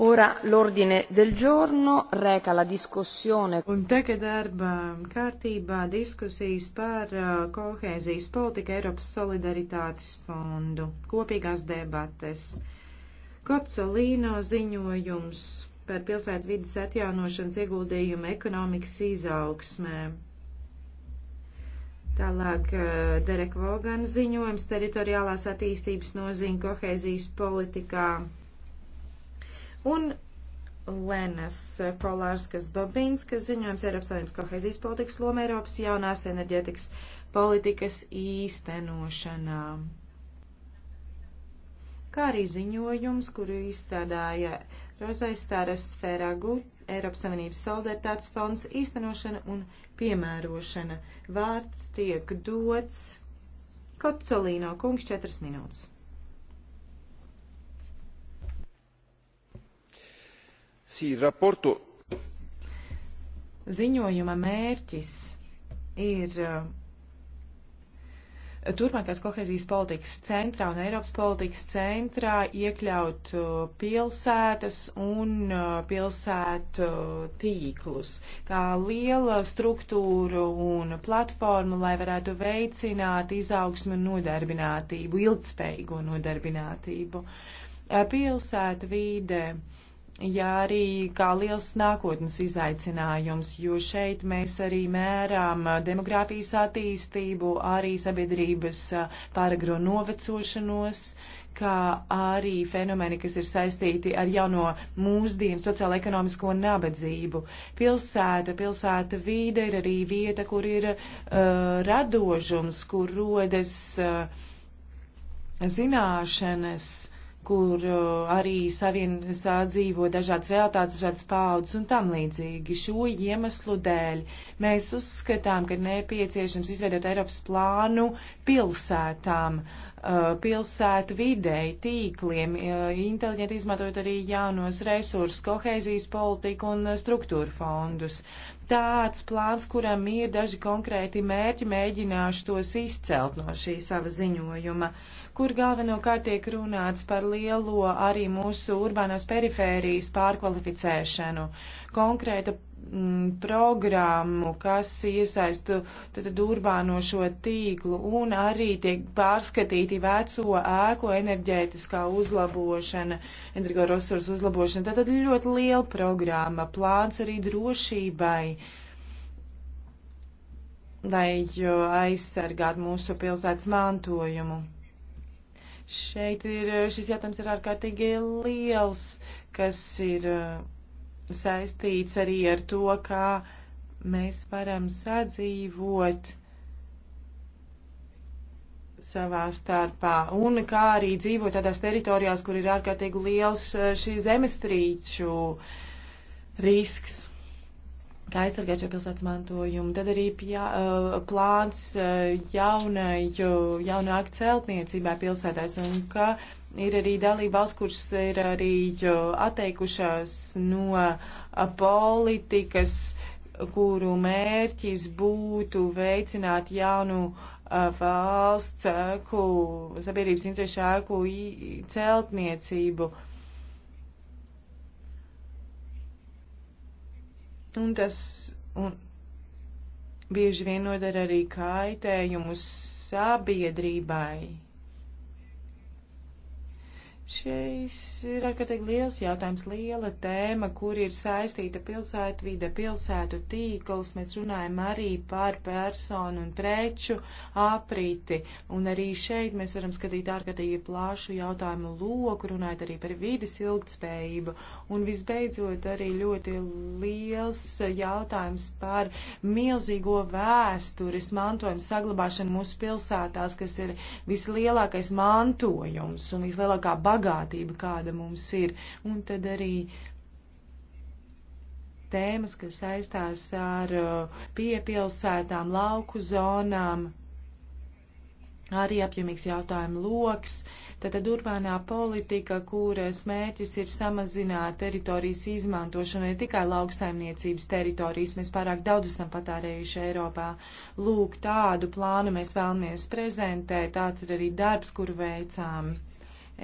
Ora l'ordine del giorno reca la discussione. Un tagad darba kārtībā diskusijas par uh, kohēzijas politiku Eiropas solidaritātes fondu. Kopīgās debates. Kocolīno ziņojums par pilsētu vidas atjaunošanas ieguldījumu ekonomikas izaugsmē. Tālāk uh, Derek Vogan ziņojums teritoriālās attīstības nozīme kohēzijas politikā. Un Lenas Kolārskas Babinskas ziņojums Eiropas Savienības kohēzijas politikas loma Eiropas jaunās enerģētikas politikas īstenošanā. Kā arī ziņojums, kuru izstrādāja Rozais Stāras Sferagu, Eiropas Savienības solidaritātes fonds īstenošana un piemērošana. Vārds tiek dots Kocolīno kungs 4 minūtes. Sī, raportu. Ziņojuma mērķis ir eh, turpmākās kohezijas politikas centrā un Eiropas politikas centrā iekļaut eh, pilsētas un eh, pilsētu tīklus, kā liela struktūra un platforma, lai varētu veicināt izaugsmu un nodarbinātību, ilgspējīgo nodarbinātību. Pilsēta vīde jā, arī kā liels nākotnes izaicinājums, jo šeit mēs arī mērām demogrāfijas attīstību, arī sabiedrības pāragro novecošanos, kā arī fenomeni, kas ir saistīti ar jauno mūsdienu sociālo-ekonomisko nabadzību. Pilsēta, pilsēta vīde ir arī vieta, kur ir uh, radošums, kur rodas uh, zināšanas, uh, kur uh, arī savien sādzīvo dažādas realitātes, dažādas paudzes un tam līdzīgi. Šo iemeslu dēļ mēs uzskatām, ka nepieciešams izveidot Eiropas plānu pilsētām, uh, pilsētu videi, tīkliem, uh, inteliģenti izmantojot arī jaunos resursus, kohēzijas politiku un struktūru fondus. Tāds plāns, kuram ir daži konkrēti mērķi, mēģināšu tos izcelt no šī sava ziņojuma kur galvenokārt tiek runāts par lielo arī mūsu urbānās perifērijas pārkvalificēšanu, konkrēta mm, programmu, kas iesaistu tad urbāno šo tīklu un arī tiek pārskatīti veco ēku enerģētiskā uzlabošana, energoresursu uzlabošana. Tātad ļoti liela programma, plāns arī drošībai lai aizsargātu mūsu pilsētas mantojumu. Šeit ir eh, šis jautājums ir ārkārtīgi liels, kas ir eh, saistīts arī ar to, kā mēs varam sadzīvot savā starpā un kā arī dzīvot tādās teritorijās, kur ir ārkārtīgi liels eh, šī zemestrīču risks kā aizsargāt šo pilsētas mantojumu. Tad arī pjā, uh, plāns uh, jaunai, jaunai aktu celtniecībai pilsētās un ka ir arī dalība valsts, kuras ir arī atteikušās no uh, politikas, kuru mērķis būtu veicināt jaunu valsts ēku, sabiedrības interešu ēku celtniecību. Uh, Un tas un bieži vien nodara arī kaitējumus sabiedrībai. Šis ir ārkārtīgi liels jautājums, liela tēma, kur ir saistīta pilsētvide, pilsētu tīkls. Mēs runājam arī par personu un preču aprīti. Un arī šeit mēs varam skatīt ārkārtīgi plašu jautājumu loku, runājot arī par vides ilgtspējību. Un visbeidzot arī ļoti liels jautājums par milzīgo vēstures mantojumu saglabāšanu mūsu pilsētās, kas ir vislielākais mantojums un vislielākā bagātība bagātība, kāda mums ir. Un tad arī tēmas, kas saistās ar uh, piepilsētām, lauku zonām, arī apjomīgs jautājumu loks. Tātad urbānā politika, kuras mērķis ir samazināt teritorijas izmantošanu ne tikai lauksaimniecības teritorijas, mēs pārāk daudz esam patārējuši Eiropā. Lūk, tādu plānu mēs vēlamies prezentēt, tāds ir arī darbs, kuru veicām.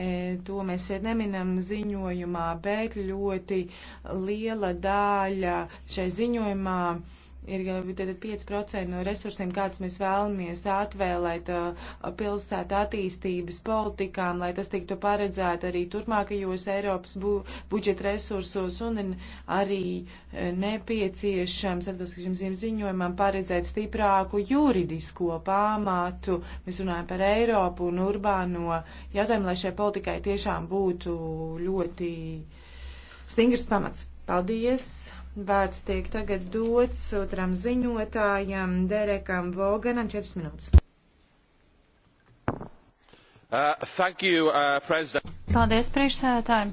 E, to mēs šeit neminam ziņojumā, bet ļoti liela daļa šai ziņojumā ir jau 5% no resursiem, kāds mēs vēlamies atvēlēt uh, pilsētu attīstības politikām, lai tas tiktu paredzēt arī turpmākajos Eiropas bu budžeta resursos un arī uh, nepieciešams, atbilstošam ziem ziņojumam, paredzēt stiprāku juridisko pamatu. Mēs runājam par Eiropu un urbāno jautājumu, lai šai politikai tiešām būtu ļoti stingrs pamats. Paldies! Vārds tiek tagad dots otram ziņotājam Derekam Voganam 4 minūtes. Uh, thank you, uh, President. Paldies, priekšsēdētāji.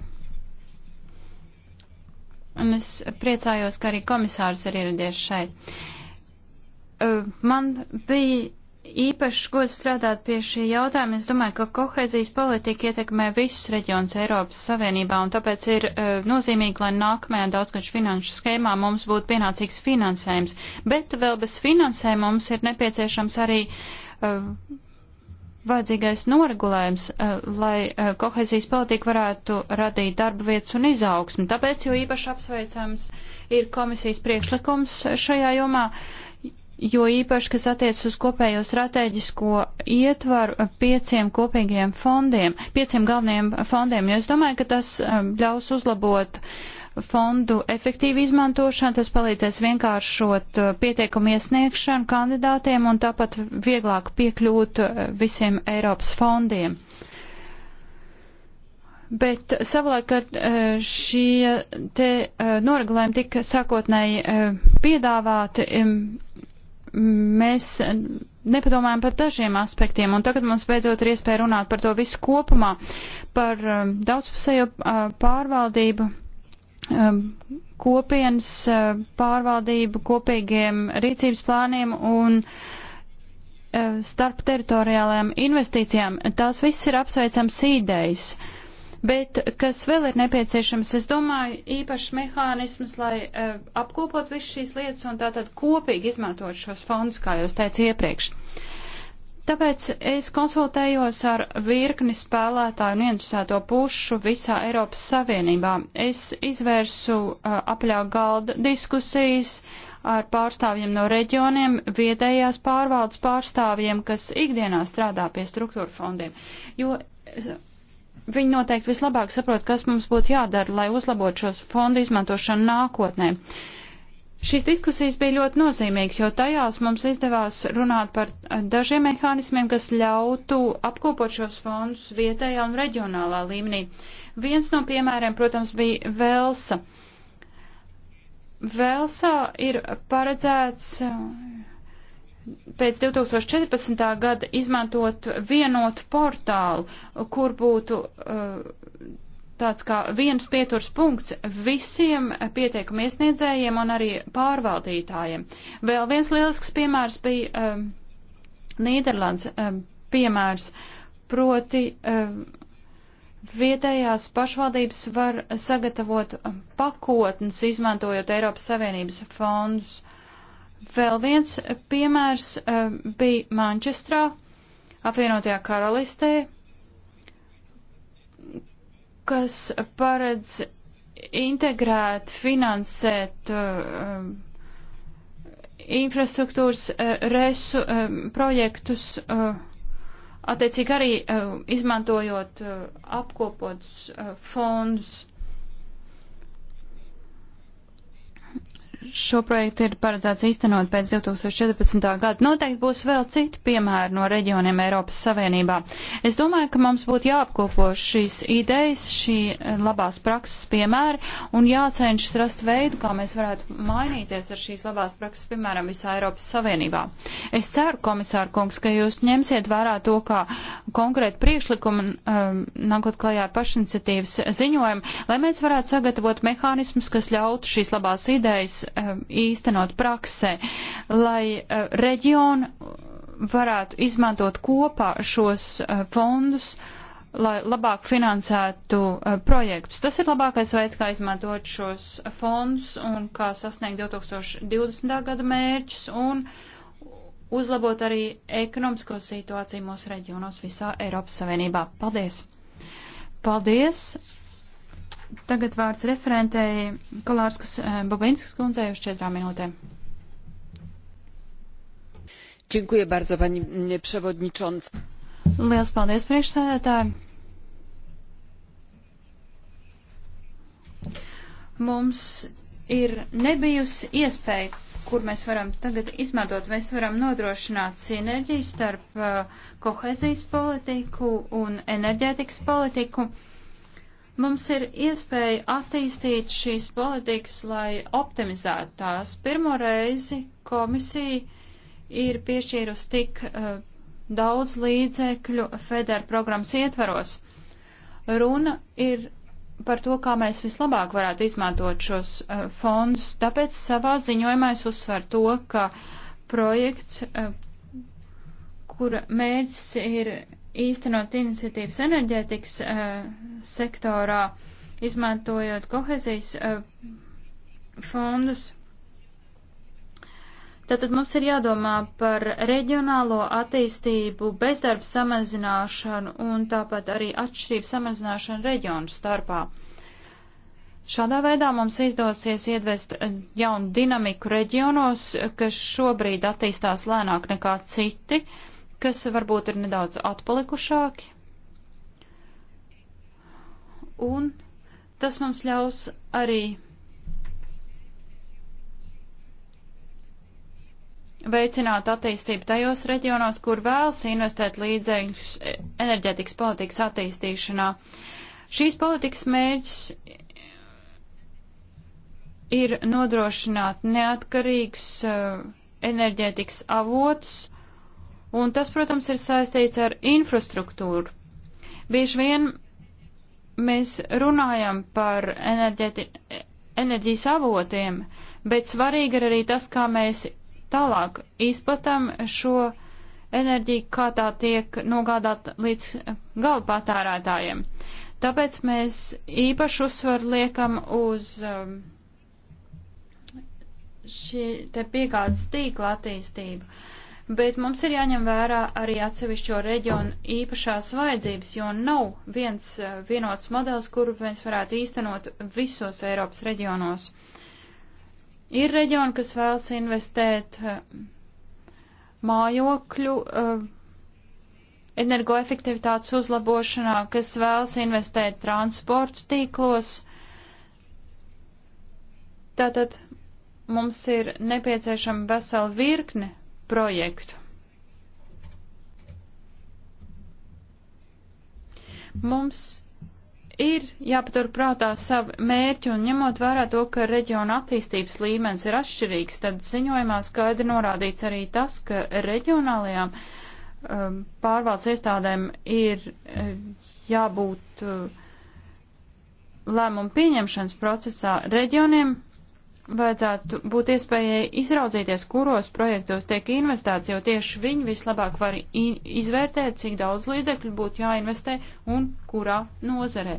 Un es priecājos, ka arī komisārs ir ieradies šeit. Uh, man bija īpašs gods strādāt pie šī jautājuma. Es domāju, ka kohēzijas politika ietekmē visus reģionus Eiropas Savienībā, un tāpēc ir uh, nozīmīgi, lai nākamajā daudzgaļu finanšu schēmā mums būtu pienācīgs finansējums. Bet vēl bez finansējuma mums ir nepieciešams arī uh, vajadzīgais noregulējums, uh, lai uh, kohēzijas politika varētu radīt darba vietas un izaugsmi. Tāpēc jau īpaši apsveicams ir komisijas priekšlikums šajā jomā. Uh, jo īpaši, kas attiecas uz kopējo strateģisko ietvaru eh, pieciem kopīgiem fondiem, pieciem galvenajiem fondiem, jo es domāju, ka tas eh, ļaus uzlabot fondu efektīvu izmantošanu, tas palīdzēs vienkāršot eh, pieteikumu iesniegšanu kandidātiem un tāpat vieglāk piekļūt visiem Eiropas fondiem. Bet savulaik, kad šie te noregulējumi tika sākotnēji piedāvāti, mēs nepadomājam par dažiem aspektiem, un tagad mums beidzot ir iespēja runāt par to visu kopumā, par um, daudzpusējo uh, pārvaldību, um, kopienas uh, pārvaldību, kopīgiem rīcības plāniem un uh, starp teritoriālajām investīcijām. Tās viss ir apsveicams īdejs bet kas vēl ir nepieciešams, es domāju, īpašs mehānisms, lai uh, apkopot visu šīs lietas un tātad kopīgi izmantot šos fondus, kā jau es teicu iepriekš. Tāpēc es konsultējos ar virkni spēlētāju un interesēto pušu visā Eiropas Savienībā. Es izvērsu uh, e, apļā galda diskusijas ar pārstāvjiem no reģioniem, vietējās pārvaldes pārstāvjiem, kas ikdienā strādā pie struktūra fondiem. Jo e, viņi noteikti vislabāk saprot, kas mums būtu jādara, lai uzlabotu šos fondu izmantošanu nākotnē. Šīs diskusijas bija ļoti nozīmīgas, jo tajās mums izdevās runāt par dažiem mehānismiem, kas ļautu apkopot šos fondus vietējā un reģionālā līmenī. Viens no piemēriem, protams, bija Velsa. Velsā ir paredzēts pēc 2014. gada izmantot vienotu portālu, kur būtu uh, tāds kā viens pieturs punkts visiem pieteikumu iesniedzējiem un arī pārvaldītājiem. Vēl viens lielisks piemērs bija um, eh, Nīderlands um, eh, piemērs, proti um, vietējās pašvaldības var sagatavot pakotnes, izmantojot Eiropas Savienības fondus. Uh, Vēl viens piemērs eh, bija Mančestrā, apvienotajā karalistē, kas paredz integrēt, finansēt uh, infrastruktūras uh, resu uh, projektus, attiecīgi arī izmantojot apkopotus fondus. Šo projektu ir paredzēts īstenot pēc 2014. gada. Noteikti būs vēl citi piemēri no reģioniem Eiropas Savienībā. Es domāju, ka mums būtu jāapkopo šīs idejas, šī eh, labās prakses piemēri un jācenšas rast veidu, kā mēs varētu mainīties ar šīs labās prakses, piemēram, visā Eiropas Savienībā. Es ceru, komisāra kungs, ka jūs ņemsiet vērā to, kā konkrēti priekšlikumi um, nākot klajā ar pašiniciatīvas ziņojumu, lai mēs varētu sagatavot mehānismus, kas ļautu šīs labās idejas Um, īstenot praksē, lai uh, reģionu varētu izmantot kopā šos uh, fondus, lai labāk finansētu uh, projektus. Tas ir labākais veids, kā izmantot šos fondus un kā sasniegt 2020. gada mērķus un uzlabot arī ekonomisko situāciju mūsu reģionos visā Eiropas Savienībā. Paldies! Paldies! Tagad vārds referentēji Kolārskas eh, Bobinskas kundzei uz četrām minūtēm. Dziękuję bardzo, pani mm, przewodnicząca. Liels paldies, priekšsēdētāji. Mums ir nebijusi iespēja, kur mēs varam tagad izmantot. Mēs varam nodrošināt sinerģiju starp uh, eh, kohezijas politiku un enerģētikas politiku. Uh, Mums ir iespēja attīstīt šīs politikas, lai optimizētu tās. Pirmo reizi komisija ir piešķīrusi tik uh, daudz līdzekļu federa programmas ietvaros. Runa ir par to, kā mēs vislabāk varētu izmantot šos uh, fondus. Tāpēc savā ziņojumā es uzsveru to, ka projekts, uh, kura mērķis ir īstenot iniciatīvas enerģētikas uh, sektorā, izmantojot kohezijas uh, fondus. Tātad mums ir jādomā par reģionālo attīstību, bezdarba samazināšanu un tāpat arī atšķirību samazināšanu reģionu starpā. Šādā veidā mums izdosies iedvest uh, jaunu dinamiku reģionos, kas šobrīd attīstās lēnāk nekā citi. Uh, kas varbūt ir nedaudz atpalikušāki. Un tas mums ļaus arī veicināt attīstību tajos reģionos, kur vēlas investēt līdzekļus enerģētikas politikas attīstīšanā. Šīs politikas mērķis ir nodrošināt neatkarīgus uh, enerģētikas avotus, un tas, protams, ir saistīts ar infrastruktūru. Bieži vien mēs runājam par enerģeti, enerģijas avotiem, bet svarīgi ir arī tas, kā mēs tālāk izplatam šo enerģiju, kā tā tiek nogādāt līdz galu patērētājiem. Tāpēc mēs īpašu uzsvaru liekam uz um, šī te piegādes tīkla attīstību bet mums ir jāņem vērā arī atsevišķo reģionu īpašās vajadzības, jo nav viens eh, vienots modelis, kuru mēs varētu īstenot visos Eiropas reģionos. Ir reģioni, kas vēlas investēt eh, mājokļu eh, energoefektivitātes uzlabošanā, kas vēlas investēt transports tīklos. Tātad mums ir nepieciešama vesela virkne projektu. Mums ir jāpatur prātā savu mērķu un ņemot vērā to, ka reģiona attīstības līmenis ir atšķirīgs, tad ziņojumā skaidri norādīts arī tas, ka reģionālajām um, pārvaldes iestādēm ir eh, jābūt um, lēmumu pieņemšanas procesā. Reģioniem vajadzētu būt iespējai izraudzīties, kuros projektos tiek investēts, jo tieši viņi vislabāk var izvērtēt, cik daudz līdzekļu būtu jāinvestē un kurā nozarē.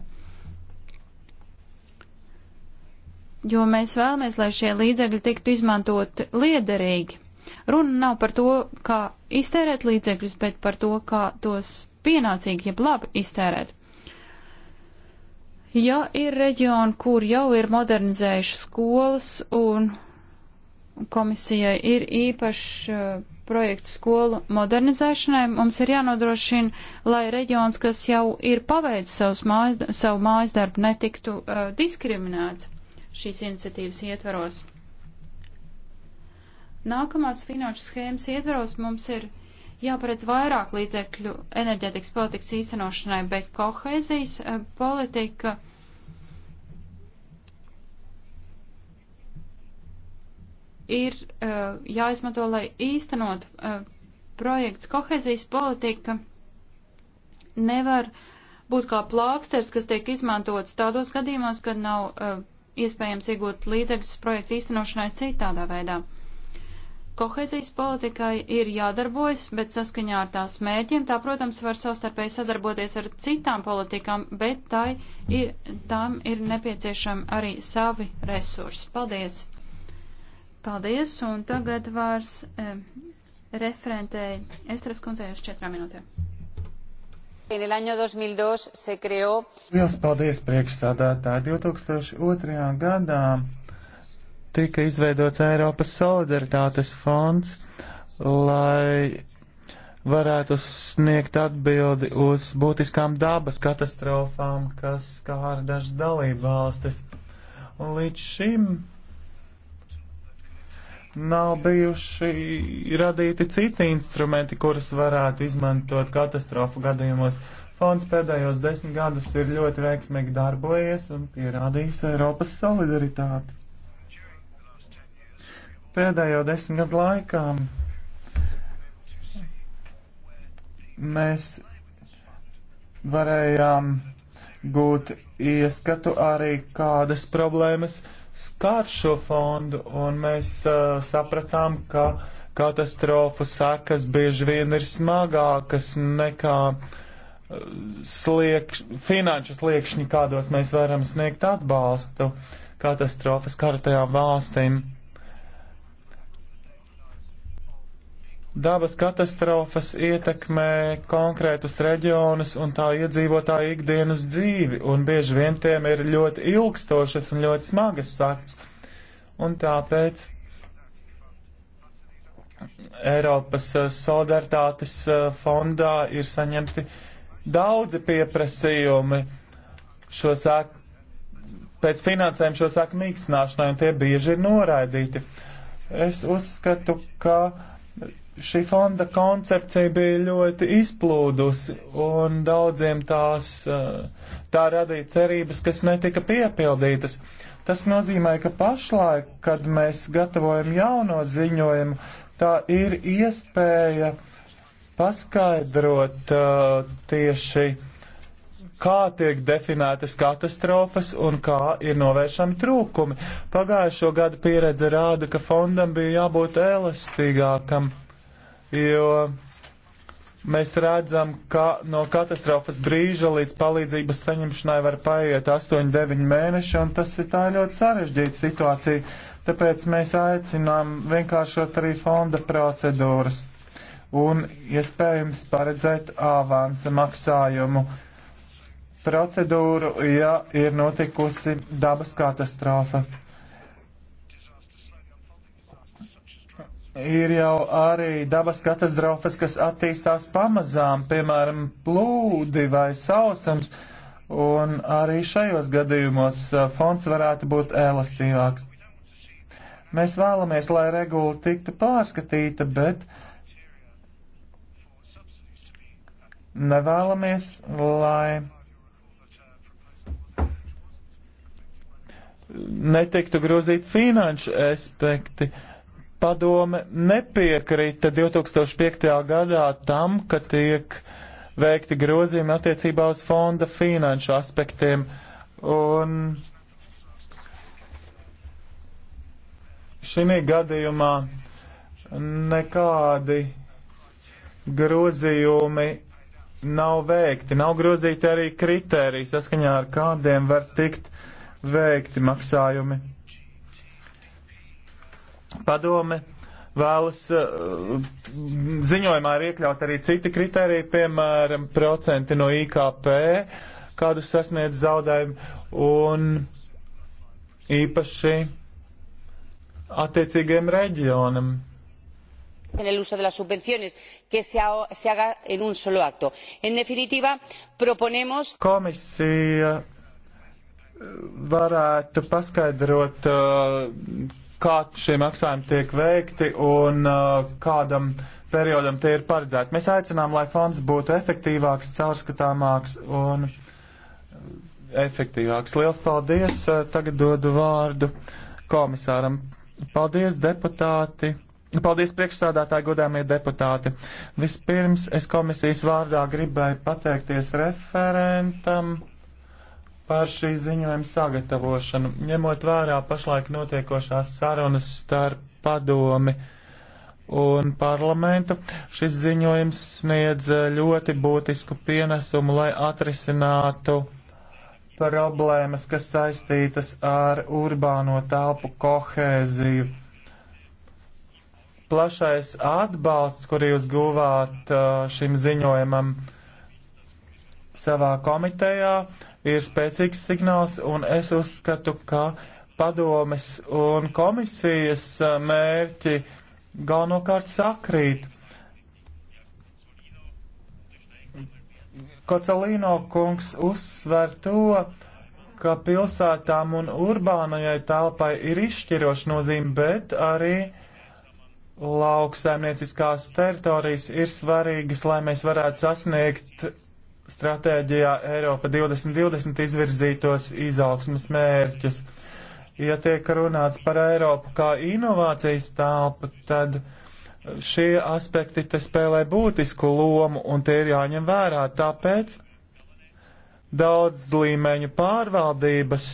Jo mēs vēlamies, lai šie līdzekļi tiktu izmantot liederīgi. Runa nav par to, kā iztērēt līdzekļus, bet par to, kā tos pienācīgi, jeb labi iztērēt. Ja ir reģioni, kur jau ir modernizējuši skolas un komisijai ir īpašs uh, projekts skolu modernizēšanai, mums ir jānodrošina, lai reģions, kas jau ir paveicis mājas, savu mājas darbu, netiktu uh, diskriminēts šīs iniciatīvas ietvaros. Nākamās finanšu schēmas ietvaros mums ir jāparedz vairāk līdzekļu enerģētikas politikas īstenošanai, bet kohēzijas eh, politika. Ir uh, jāizmanto, lai īstenot uh, projekts. Kohēzijas politika nevar būt kā plāksters, kas tiek izmantots tādos gadījumos, kad nav uh, iespējams iegūt līdzekļus projektu īstenošanai citādā veidā. Uh, Kohezijas politikai ir jādarbojas, bet saskaņā ar tās mērķiem tā, protams, var savstarpēji sadarboties ar citām politikām, bet tai ir, tām ir nepieciešami arī savi resursi. Paldies! Paldies, un tagad vārs eh, referentēji Estras kundzei uz četrām minūtēm. En el año 2002 se creó. Liels paldies priekšsādātāji 2002. gadā tika izveidots Eiropas solidaritātes fonds, lai varētu sniegt atbildi uz būtiskām dabas katastrofām, kas skāra dažas dalību valstis. Un līdz šim nav bijuši radīti citi instrumenti, kurus varētu izmantot katastrofu gadījumos. Fonds pēdējos desmit gadus ir ļoti veiksmīgi darbojies un pierādījis Eiropas solidaritāti. Pēdējo desmit gadu laikā mēs varējām gūt ieskatu arī kādas problēmas skār šo fondu, un mēs uh, sapratām, ka katastrofu sekas bieži vien ir smagākas nekā sliekš, finanšu sliekšņi, kādos mēs varam sniegt atbalstu katastrofas kartajām valstīm. Dabas katastrofas ietekmē konkrētus reģionus un tā iedzīvotāju ikdienas dzīvi, un bieži vien tiem ir ļoti ilgstošas un ļoti smagas sakts. Un tāpēc Eiropas eh, solidaritātes eh, fondā ir saņemti daudzi pieprasījumi šo sāk, pēc finansējuma šo sāku mīkstināšanai, un tie bieži ir noraidīti. Es uzskatu, ka šī fonda koncepcija bija ļoti izplūdusi, un daudziem tās eh, tā radīja cerības, kas netika piepildītas. Tas nozīmē, ka pašlaik, kad mēs gatavojam jauno ziņojumu, tā ir iespēja paskaidrot uh, tieši, kā tiek definētas katastrofas un kā ir novēršami trūkumi. Pagājušo gadu pieredze rāda, ka fondam bija jābūt elastīgākam jo mēs redzam, ka no katastrofas brīža līdz palīdzības saņemšanai var paiet 8-9 mēneši, un tas ir tā ļoti sarežģīta situācija. Tāpēc mēs aicinām vienkāršot arī fonda procedūras un iespējams paredzēt avansa maksājumu procedūru, ja ir notikusi dabas katastrofa. ir jau arī dabas katastrofas, kas attīstās pamazām, piemēram, plūdi vai sausums, un arī šajos gadījumos uh, fonds varētu būt elastīvāks. Mēs vēlamies, lai regula tiktu pārskatīta, bet nevēlamies, lai netiktu grozīt finanšu aspekti. Uh, Padome nepiekrita 2005. gadā tam, ka tiek veikti grozījumi attiecībā uz fonda finanšu aspektiem. Un šī gadījumā nekādi grozījumi nav veikti. Nav grozīti arī kriteriji, saskaņā ar kādiem var tikt veikti maksājumi padome vēlas eh, ziņojumā ir iekļaut arī citi kriteriji, piemēram, procenti no IKP, kādu sasniedz zaudējumi, un īpaši attiecīgiem reģionam en el uso de las subvenciones que se, ha, se haga en un solo acto. En definitiva, proponemos. Komisija eh, varētu paskaidrot, uh, kā šie maksājumi tiek veikti un uh, kādam periodam tie ir paredzēti. Mēs aicinām, lai fonds būtu efektīvāks, caurskatāmāks un efektīvāks. Liels paldies! Uh, tagad dodu vārdu komisāram. Paldies, deputāti! Paldies, priekšsādātāji, godāmie deputāti! Vispirms es komisijas vārdā gribēju pateikties referentam par šī ziņojuma sagatavošanu, ņemot vērā pašlaik notiekošās sarunas starp padomi un parlamentu. Šis ziņojums sniedz ļoti būtisku pienesumu, lai atrisinātu problēmas, kas saistītas ar urbāno telpu kohēziju. Plašais atbalsts, kur jūs guvāt uh, šim ziņojumam savā komitejā, uh, ir spēcīgs signāls, un es uzskatu, ka padomes un komisijas uh, mērķi galvenokārt sakrīt. Kocelīno kungs uzsver to, ka pilsētām un urbānajai telpai ir izšķiroša nozīme, bet arī lauksaimnieciskās teritorijas ir svarīgas, lai mēs varētu sasniegt stratēģijā Eiropa 2020 izvirzītos izaugsmas mērķus. Ja tiek runāts par Eiropu kā inovācijas telpu, tad šie aspekti te spēlē būtisku lomu un tie ir jāņem vērā. Tāpēc daudz līmeņu pārvaldības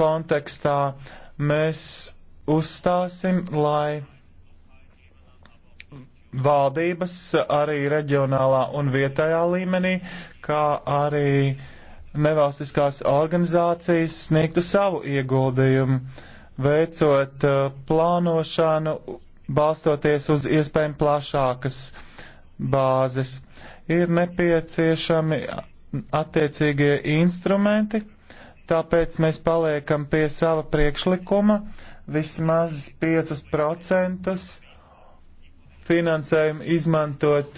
kontekstā mēs uzstāsim, lai valdības arī reģionālā un vietējā līmenī, kā arī nevalstiskās organizācijas sniegtu savu ieguldījumu, veicot uh, plānošanu, balstoties uz iespējami plašākas bāzes. Ir nepieciešami attiecīgie instrumenti, tāpēc mēs paliekam pie sava priekšlikuma vismaz 5% finansējumu izmantot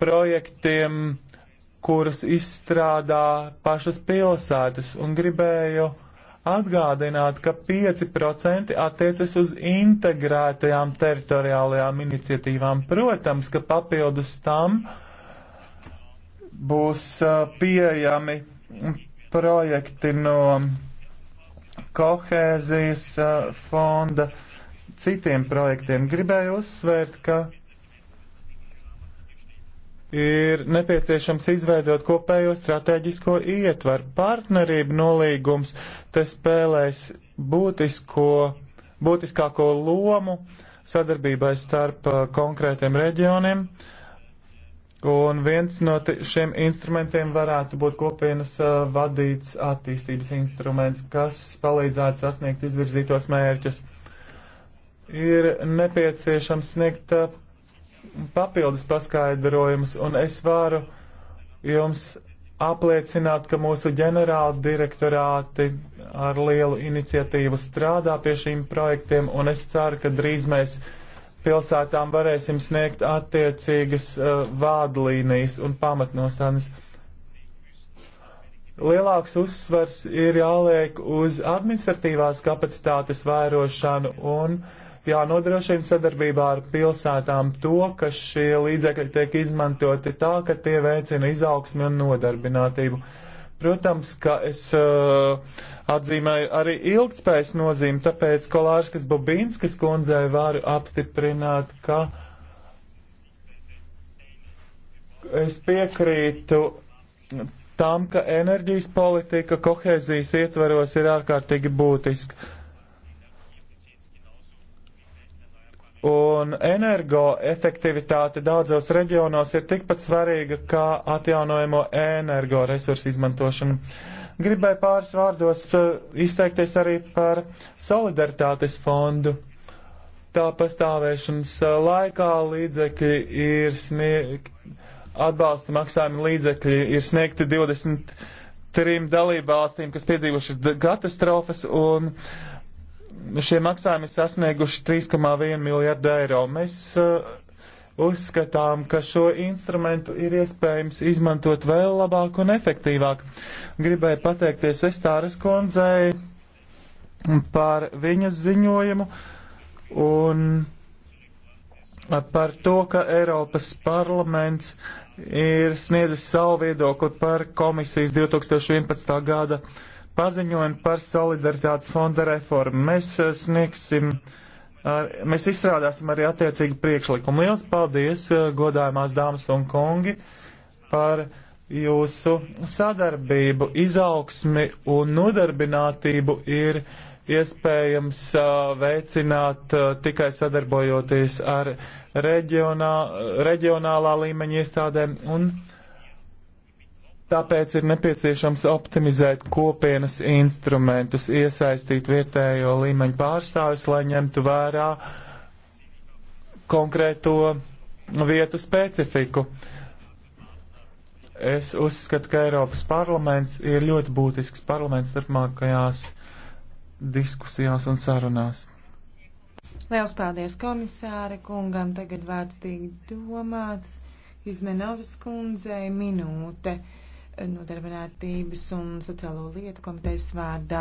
projektiem, kurus izstrādā pašas pilsētas, un gribēju atgādināt, ka 5% attiecas uz integrētajām teritoriālajām iniciatīvām. Protams, ka papildus tam būs pieejami projekti no kohēzijas fonda, uh, citiem projektiem. Gribēju uzsvērt, ka ir nepieciešams izveidot kopējo strateģisko ietvaru. Partnerību nolīgums te spēlēs būtisko, būtiskāko lomu sadarbībai starp uh, konkrētiem reģioniem. Un viens no šiem instrumentiem varētu būt kopienas uh, vadīts attīstības instruments, kas palīdzētu sasniegt izvirzītos mērķus ir nepieciešams sniegt uh, papildus paskaidrojumus, un es varu jums apliecināt, ka mūsu ģenerāla direktorāti ar lielu iniciatīvu strādā pie šīm projektiem, un es ceru, ka drīz mēs pilsētām varēsim sniegt attiecīgas uh, vārdlīnijas un pamatnostādnes. Lielāks uzsvars ir jāliek uz administratīvās kapacitātes vērošanu un uh, jānodrošina sadarbībā ar pilsētām to, ka šie līdzekļi tiek izmantoti tā, ka tie veicina izaugsmi un nodarbinātību. Protams, ka es uh, atzīmēju arī ilgspējas nozīmi, tāpēc Kolārskas Bobīnskas kundzei varu apstiprināt, ka es piekrītu tam, ka enerģijas politika kohēzijas ietvaros ir ārkārtīgi būtiska Un energoefektivitāte daudzos reģionos ir tikpat svarīga kā atjaunojamo energoresursu izmantošana. Gribēju pāris vārdos uh, izteikties arī par solidaritātes fondu. Tā pastāvēšanas uh, laikā līdzekļi ir sniegti, atbalsta maksājuma līdzekļi ir sniegti 23 dalībvalstīm, kas piedzīvušas katastrofas un uh, šie maksājumi sasnieguši 3,1 miljardu eiro. Mēs uh, uzskatām, ka šo instrumentu ir iespējams izmantot vēl labāk un efektīvāk. Gribēju pateikties Estāras kundzei par viņas ziņojumu un par to, ka Eiropas parlaments ir sniedzis savu viedokli par komisijas 2011. gada uh, paziņojumu par solidaritātes fonda reformu. Mēs eh, sniegsim, mēs izstrādāsim arī attiecīgi priekšlikumu. Liels paldies, eh, godājumās dāmas un kungi, par jūsu sadarbību, izaugsmi un nodarbinātību ir iespējams eh, veicināt tikai sadarbojoties ar reģionā, reģionālā līmeņa iestādēm un Tāpēc ir nepieciešams optimizēt kopienas instrumentus, iesaistīt vietējo līmeņu pārstāvis, lai ņemtu vērā konkrēto vietu specifiku. Es uzskatu, ka Eiropas parlaments ir ļoti būtisks parlaments turpmākajās diskusijās un sarunās. Liels paldies komisāra kungam, tagad vārds tiek domāts. Izmenovas kundzei minūte nodarbinātības un sociālo lietu komitejas vārdā.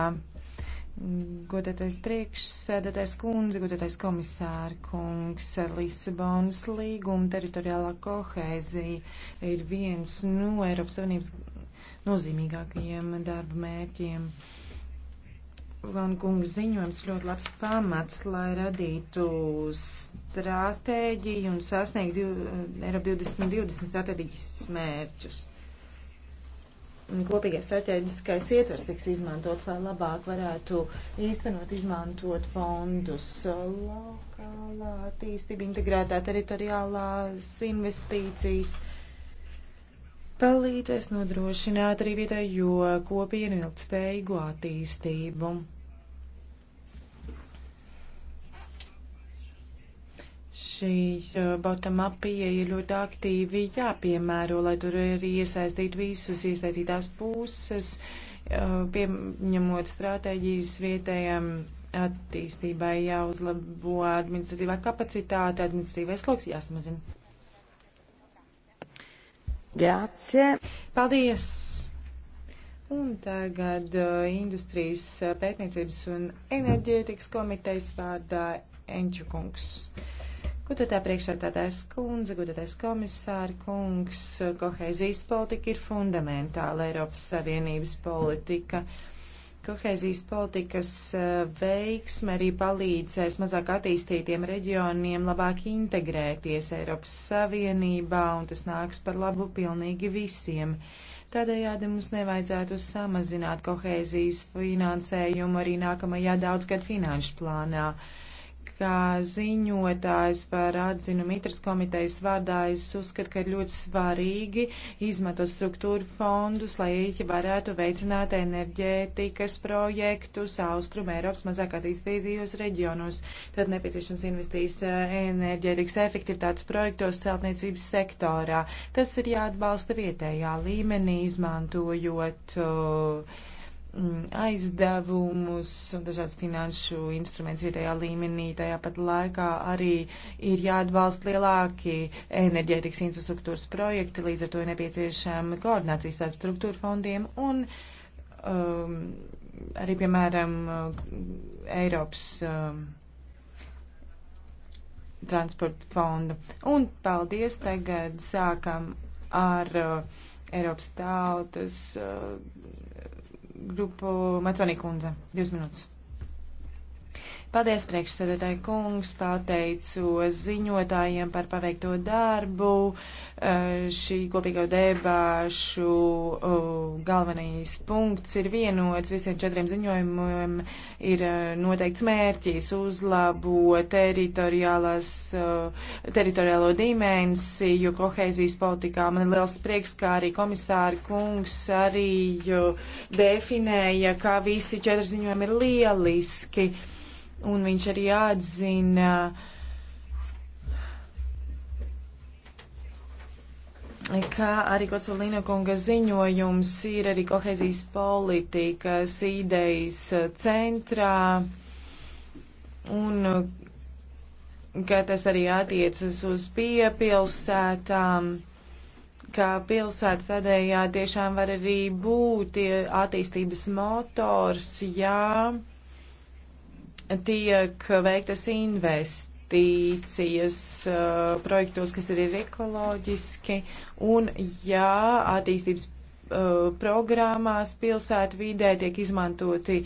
Godātais priekšsēdētais kundze, godātais komisāra kungs, Lisabonas līguma teritoriālā kohēzija ir viens no Eiropas Savienības nozīmīgākajiem darba mērķiem. Van kungs ziņojums ļoti labs pamats, lai radītu stratēģiju un sasniegtu Eiropa 2020 stratēģijas mērķus kopīgais strateģiskais ietvers tiks izmantots, lai labāk varētu īstenot, izmantot fondus lokālā attīstība, integrētā teritoriālās investīcijas. Palīdzēs nodrošināt arī vietējo kopienu ilgspējīgu attīstību. šīs bottom-up pieeja ļoti aktīvi jāpiemēro, lai tur arī iesaistītu visus iesaistītās puses, pieņemot stratēģijas vietējām attīstībai jāuzlabo administratīvā kapacitāte, administratīvais sloks jāsamazina. Grācie. Paldies! Un tagad uh, Industrijas pētniecības un enerģētikas komitejas vārdā Enčukungs. Uh, Gudotā priekšsēdētājs kundze, gudotājs komisāri, kungs, kohēzijas politika ir fundamentāla Eiropas Savienības politika. Kohēzijas politikas eh, veiksme arī palīdzēs mazāk attīstītiem reģioniem labāk integrēties Eiropas Savienībā, un tas nāks par labu pilnīgi visiem. Tādējādi mums nevajadzētu samazināt kohēzijas finansējumu arī nākamajā daudzgad finanšu plānā kā ziņotājs par atzinu mitras komitejas vārdā, es uzskatu, ka ir ļoti svarīgi izmantot struktūru fondus, lai īķi varētu veicināt enerģētikas projektus Austrum Eiropas mazāk attīstītajos reģionos. Tad nepieciešams investīs e, enerģētikas efektivitātes projektos celtniecības sektorā. Tas ir jāatbalsta vietējā līmenī, izmantojot uh, Mm, aizdevumus un dažādas finanšu instruments vietējā līmenī. Tajā pat laikā arī ir jāatbalsta lielāki enerģētikas infrastruktūras projekti, līdz ar to ir nepieciešama koordinācija starp struktūra fondiem un um, arī, piemēram, Eiropas um, transporta fondu. Un paldies, tagad sākam ar uh, Eiropas tautas. Uh, grupu Matonī kundze. Divas minūtes. Paldies, priekšsēdētāji kungs, pateicu ziņotājiem par paveikto darbu. Eh, šī kopīgo debāšu eh, galvenais punkts ir vienots. Visiem četriem ziņojumiem ir eh, noteikts mērķis uzlabot teritoriālo dimensiju kohēzijas politikā. Man ir liels prieks, kā arī komisāri kungs arī definēja, ka visi četri ziņojumi ir lieliski. Uh, un viņš arī atzina ka arī Kocelīna kunga ziņojums ir arī kohezijas politikas idejas centrā un ka tas arī attiecas uz piepilsētām ka pilsēta tādējādi tiešām var arī būt attīstības motors, jā. Ja tiek veiktas investīcijas uh, projektos, kas ir ekoloģiski, un ja attīstības uh, programmās pilsētu vidē tiek izmantoti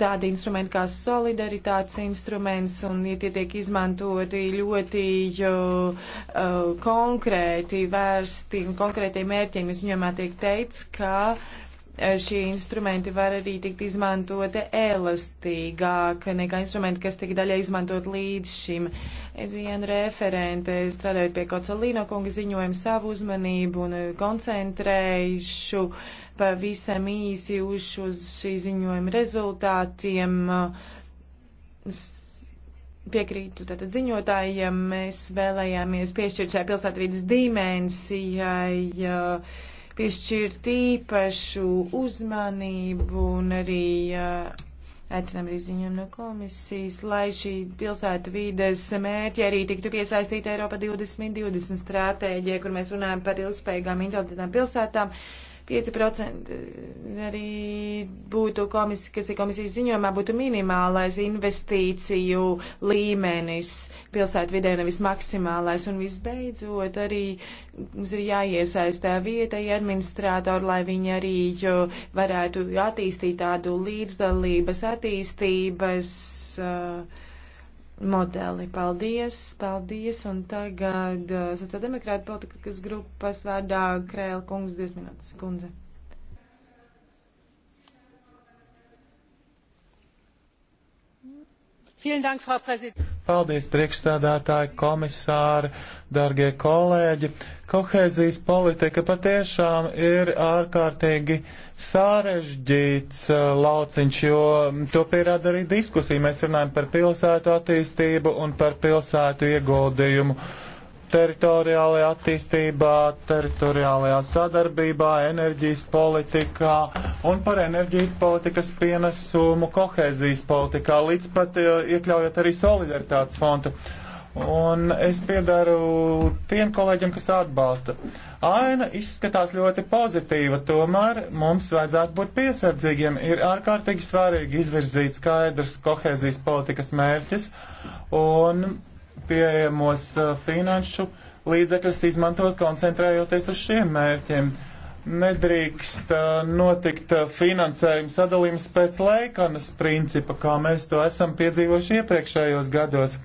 tādi instrumenti kā solidaritātes instruments, un ja tie tiek izmantoti ļoti uh, uh konkrēti vērsti un konkrētiem mērķiem, jūs ņemā tiek teicis, ka uh, Eh, šie instrumenti var arī tikt izmantoti elastīgāk nekā instrumenti, kas tika daļai izmantot līdz šim. Es vienu referente strādāju pie Kocelīno kunga ziņojumu savu uzmanību un eh, koncentrējušu pavisam īsi uz, uz šī ziņojuma rezultātiem. Piekrītu tātad ziņotājiem, mēs vēlējāmies piešķirt šai pilsētvidas dimensijai. Uh, piešķirt īpašu uzmanību un arī uh, aicinām arī ziņojumu no komisijas, lai šī pilsētu vīdes mērķi arī tiktu piesaistīta Eiropa 2020 stratēģija, kur mēs runājam par ilgspējīgām inteliģentām pilsētām. Uh, 5% arī būtu komisija, kas ir komisijas ziņojumā, būtu minimālais investīciju līmenis pilsētvidē, nevis maksimālais. Un visbeidzot, arī mums ir jāiesaistē vietēji administrātori, lai viņi arī varētu attīstīt tādu līdzdalības attīstības. Uh, modeli. Paldies, paldies, un tagad uh, sociāldemokrāta politikas grupas vārdā Krēla kungs, 10 minūtes, kundze. Paldies, priekšsēdētāji, komisāri, dargie kolēģi. Kohēzijas politika patiešām ir ārkārtīgi sarežģīts uh, lauciņš, jo to pierāda arī diskusija. Mēs runājam par pilsētu attīstību un par pilsētu ieguldījumu teritoriālajā attīstībā, teritoriālajā sadarbībā, enerģijas politikā un par enerģijas politikas pienesumu kohēzijas politikā, līdz pat eh, iekļaujot arī solidaritātes fondu. Un es piedaru tiem kolēģiem, kas atbalsta. Aina izskatās ļoti pozitīva, tomēr mums vajadzētu būt piesardzīgiem. Ir ārkārtīgi svarīgi izvirzīt skaidrs kohēzijas politikas mērķis un pieejamos uh, finanšu līdzekļus izmantot koncentrējoties uz šiem mērķiem. Nedrīkst uh, notikt uh, finansējuma sadalījums pēc leikanas principa, kā mēs to esam piedzīvojuši iepriekšējos gados.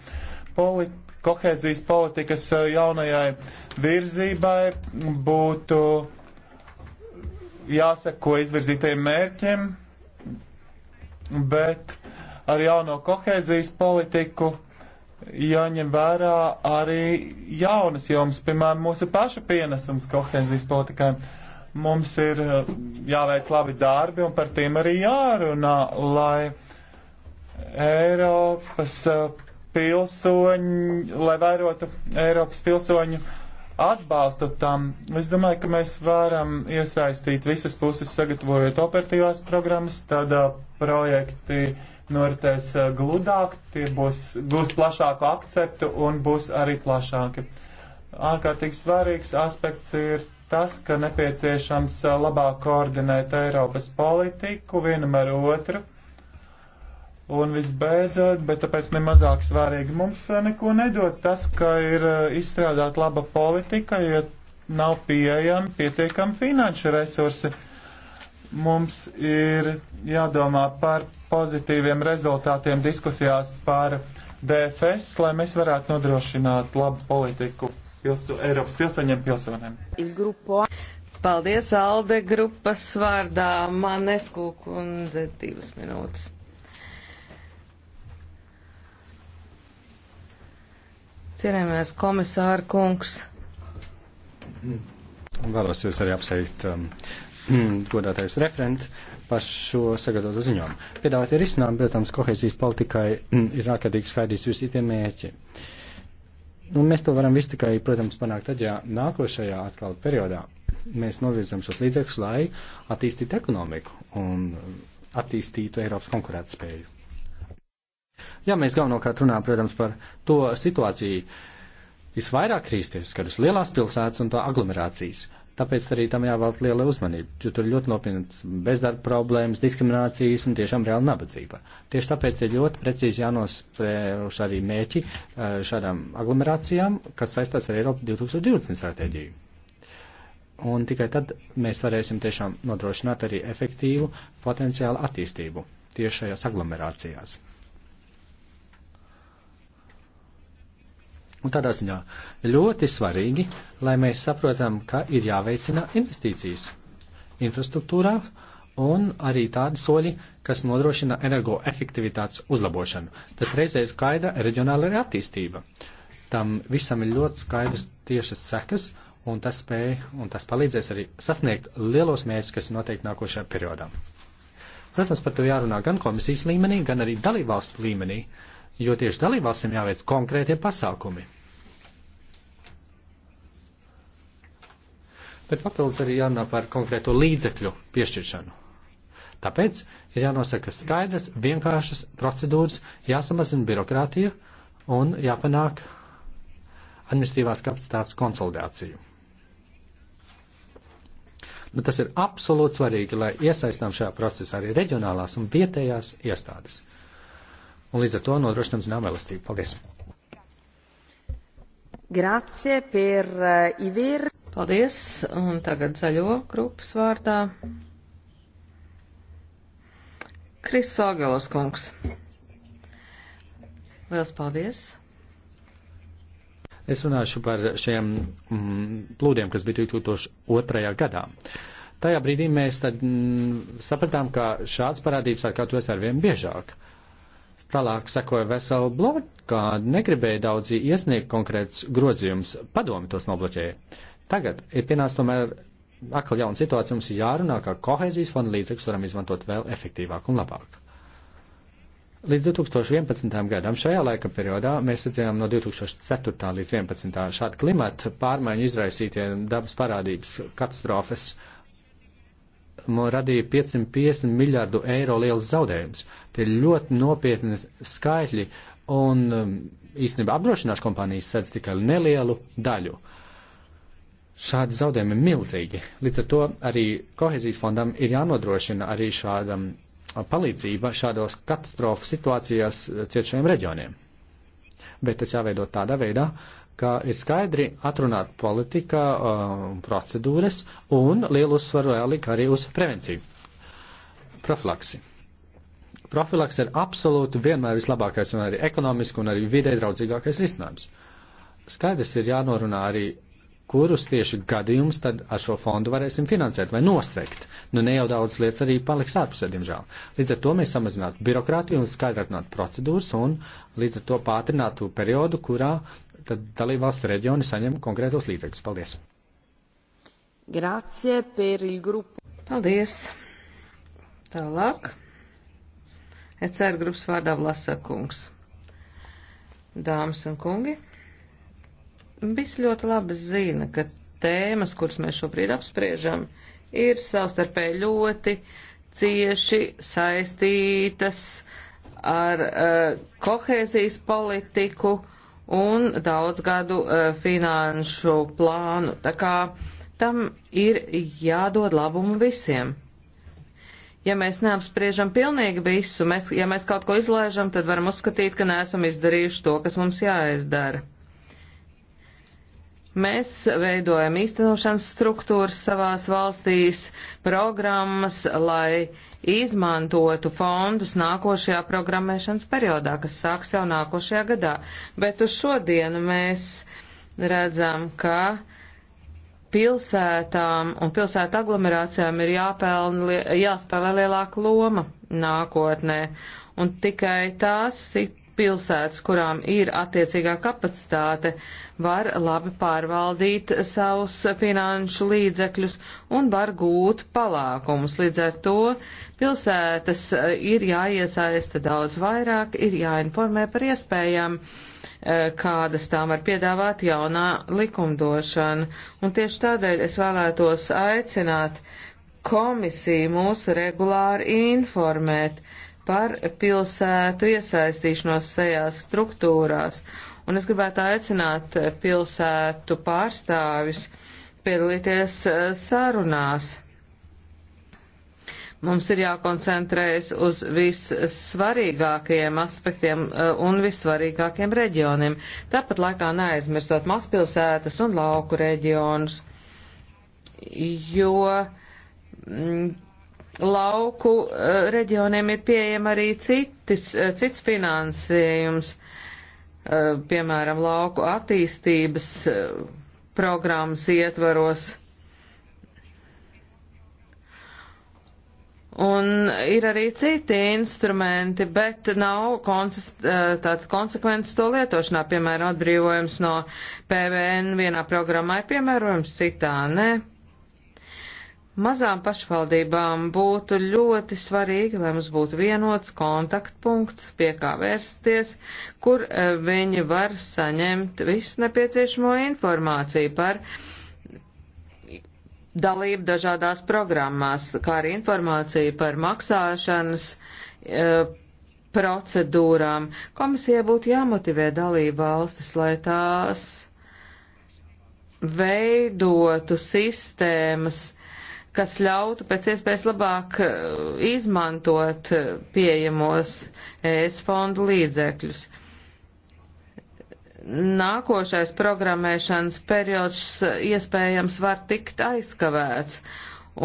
Polit kohēzijas politikas jaunajai virzībai būtu jāseko izvirzītajiem mērķiem, bet ar jauno kohēzijas politiku jāņem vērā arī jaunas jomas, piemēram, mūsu pašu pienesums kohēzijas politikai. Mums ir eh, jāveic labi darbi un par tiem arī jārunā, lai Eiropas eh, pilsoņi, lai vairotu Eiropas pilsoņu atbalstu tam. Es domāju, ka mēs varam iesaistīt visas puses, sagatavojot operatīvās programmas, tad uh, projekti noritēs eh, gludāk, tie būs, būs plašāku akceptu un būs arī plašāki. Ārkārtīgi svarīgs aspekts ir tas, ka nepieciešams eh, labāk koordinēt Eiropas politiku vienam ar otru. Un visbeidzot, bet tāpēc nemazāk svarīgi mums eh, neko nedod tas, ka ir izstrādāt laba politika, ja nav pieejami pietiekami finanšu resursi mums ir jādomā par pozitīviem rezultātiem diskusijās par DFS, lai mēs varētu nodrošināt labu politiku pilsu, Eiropas pilsoņiem pilsoniem. Paldies Alde grupas vārdā. Manesku kundze divas minūtes. Cienējamies komisāra kungs. Vēlos jūs arī apsveikt um, Mm, godātais referent par šo sagatavotu ziņojumu. Piedāvātie risinājumi, protams, kohēzijas politikai mm, ir ārkārtīgi skaidrs visi tie mērķi. Un nu, mēs to varam visu tikai, protams, panākt tad, ja nākošajā atkal periodā mēs novirzam šos līdzekļus, lai attīstītu ekonomiku un attīstītu Eiropas konkurētspēju. Jā, mēs galvenokārt runājam, protams, par to situāciju. Visvairāk krīsties, kad uz lielās pilsētas un to aglomerācijas, Tāpēc arī tam jāvēlta liela uzmanība, jo tur ļoti nopietnas bezdarba problēmas, diskriminācijas un tiešām reāla nabadzība. Tieši tāpēc ir ļoti precīzi jānosprēž arī mēķi eh, šādām aglomerācijām, kas saistās ar Eiropu 2020 stratēģiju. Un tikai tad mēs varēsim tiešām nodrošināt arī efektīvu potenciālu attīstību tieši šajās aglomerācijās. Un tādā ziņā ļoti svarīgi, lai mēs saprotam, ka ir jāveicina investīcijas infrastruktūrā un arī tādi soļi, kas nodrošina energoefektivitātes uzlabošanu. Tas reizē ir skaidra reģionāla attīstība. Tam visam ir ļoti skaidrs tiešas sekas, un tas spēja un tas palīdzēs arī sasniegt lielos mērķus, kas ir noteikti nākošajā periodā. Protams, par to jārunā gan komisijas līmenī, gan arī dalībvalstu līmenī. Uh, jo tieši dalībvalstīm jāveic konkrētie pasākumi. Bet papildus arī jārunā par konkrēto līdzekļu piešķiršanu. Tāpēc ir jānosaka skaidrs, vienkāršas procedūras, jāsamazina birokrātija un jāpanāk administratīvās kapacitātes konsolidāciju. Nu, tas ir absolūti svarīgi, lai iesaistām šajā procesā arī reģionālās un vietējās iestādes un līdz ar to nodrošinām zinām elastību. Paldies! Grazie per eh, i ver. Paldies, un tagad zaļo grupas vārdā. Kris Sāgalas kungs. Liels paldies! Es runāšu par šiem mm, plūdiem, kas bija 2002. gadā. Tajā brīdī mēs tad mm, sapratām, ka šāds parādības atkārtojas arvien biežāk. Uh, Tālāk sakoja vesela blokāda, negribēja daudzi iesniegt konkrēts grozījums, padomi tos nobloķēja. Tagad ir pienācis tomēr atkal jauna situācija, mums ir jārunā, kā kohēzijas fonda līdzekļus varam izmantot vēl efektīvāk un labāk. Līdz 2011. gadam šajā laika periodā mēs redzējām no 2004. līdz 2011. šādu klimatu pārmaiņu izraisītie dabas parādības katastrofas uh, radīja 550 miljārdu eiro liels zaudējums. Tie ir ļoti nopietni skaitļi, un um, īstenībā apdrošināšanas kompānijas sēdz tikai nelielu daļu. Šādi zaudējumi ir milzīgi. Līdz ar to arī kohezijas fondam ir jānodrošina arī šādam palīdzība šādos katastrofu situācijās uh, cietušajiem reģioniem. Bet tas jāveido tādā veidā, uh, ka ir skaidri atrunāt politika, uh, procedūras un lielu uzsvaru jālika arī uz prevenciju. Profilaksi. Profilaks ir absolūti vienmēr vislabākais un arī ekonomiski un arī vidē draudzīgākais risinājums. Skaidrs ir jānorunā arī, kurus tieši gadījumus tad ar šo fondu varēsim finansēt vai nosveikt. Nu ne jau daudz lietas arī paliks ārpusē, diemžēl. Līdz ar to mēs samazinātu birokrātiju un skaidrinātu procedūras un līdz ar to pātrinātu periodu, kurā tad dalībvalstu reģioni saņem konkrētos līdzekļus. Paldies! Grazie per il gruppo. Paldies! Tālāk. ECR grupas vārdā Vlasa kungs. Dāmas un kungi, visi ļoti labi zina, ka tēmas, kuras mēs šobrīd apspriežam, ir savstarpēji ļoti cieši saistītas ar uh, kohēzijas politiku un daudzgadu eh, finanšu plānu. Tā kā tam ir jādod labumu visiem. Ja mēs neapspriežam pilnīgi visu, mēs, ja mēs kaut ko izlaižam, tad varam uzskatīt, ka neesam izdarījuši to, kas mums jāizdara. Mēs veidojam īstenošanas struktūras savās valstīs, programmas, lai uh, izmantotu fondus nākošajā programmēšanas periodā, kas sāks jau nākošajā gadā. Bet uz šodienu mēs redzam, ka pilsētām un pilsētu aglomerācijām ir jāpelna, jāspēlē lielāka loma nākotnē. Un tikai tās pilsētas, kurām ir attiecīgā kapacitāte, uh, var labi pārvaldīt savus finanšu līdzekļus un var gūt palākumus. Līdz ar to pilsētas eh, ir jāiesaista daudz vairāk, ir jāinformē par iespējām, eh, kādas tām var piedāvāt jaunā likumdošana. Un tieši tādēļ es vēlētos aicināt komisiju mūs regulāri informēt par pilsētu iesaistīšanos šajās struktūrās Un es gribētu aicināt pilsētu pārstāvis piedalīties eh, sarunās. Mums ir jākoncentrējas uz vissvarīgākajiem aspektiem eh, un vissvarīgākiem reģioniem, tāpat laikā neaizmirstot mazpilsētas un lauku reģionus, jo mm, lauku eh, reģioniem ir pieejama arī citis, cits finansējums. Eh, piemēram, lauku attīstības eh, programmas ietvaros. Un ir arī citi instrumenti, bet nav eh, konsekvences to lietošanā. Piemēram, atbrīvojums no PVN vienā programmā ir piemērojams, citā nē. Mazām pašvaldībām būtu ļoti svarīgi, lai mums būtu vienots kontaktpunkts, pie kā vērsties, kur e, viņi var saņemt visu nepieciešamo informāciju par dalību dažādās programmās, kā arī informāciju par maksāšanas e, procedūrām. Komisija būtu jāmotivē dalību valstis, lai tās veidotu sistēmas, kas ļautu pēc iespējas labāk eh, izmantot eh, pieejamos ES fondu līdzekļus. Nākošais programmēšanas periods eh, iespējams var tikt aizkavēts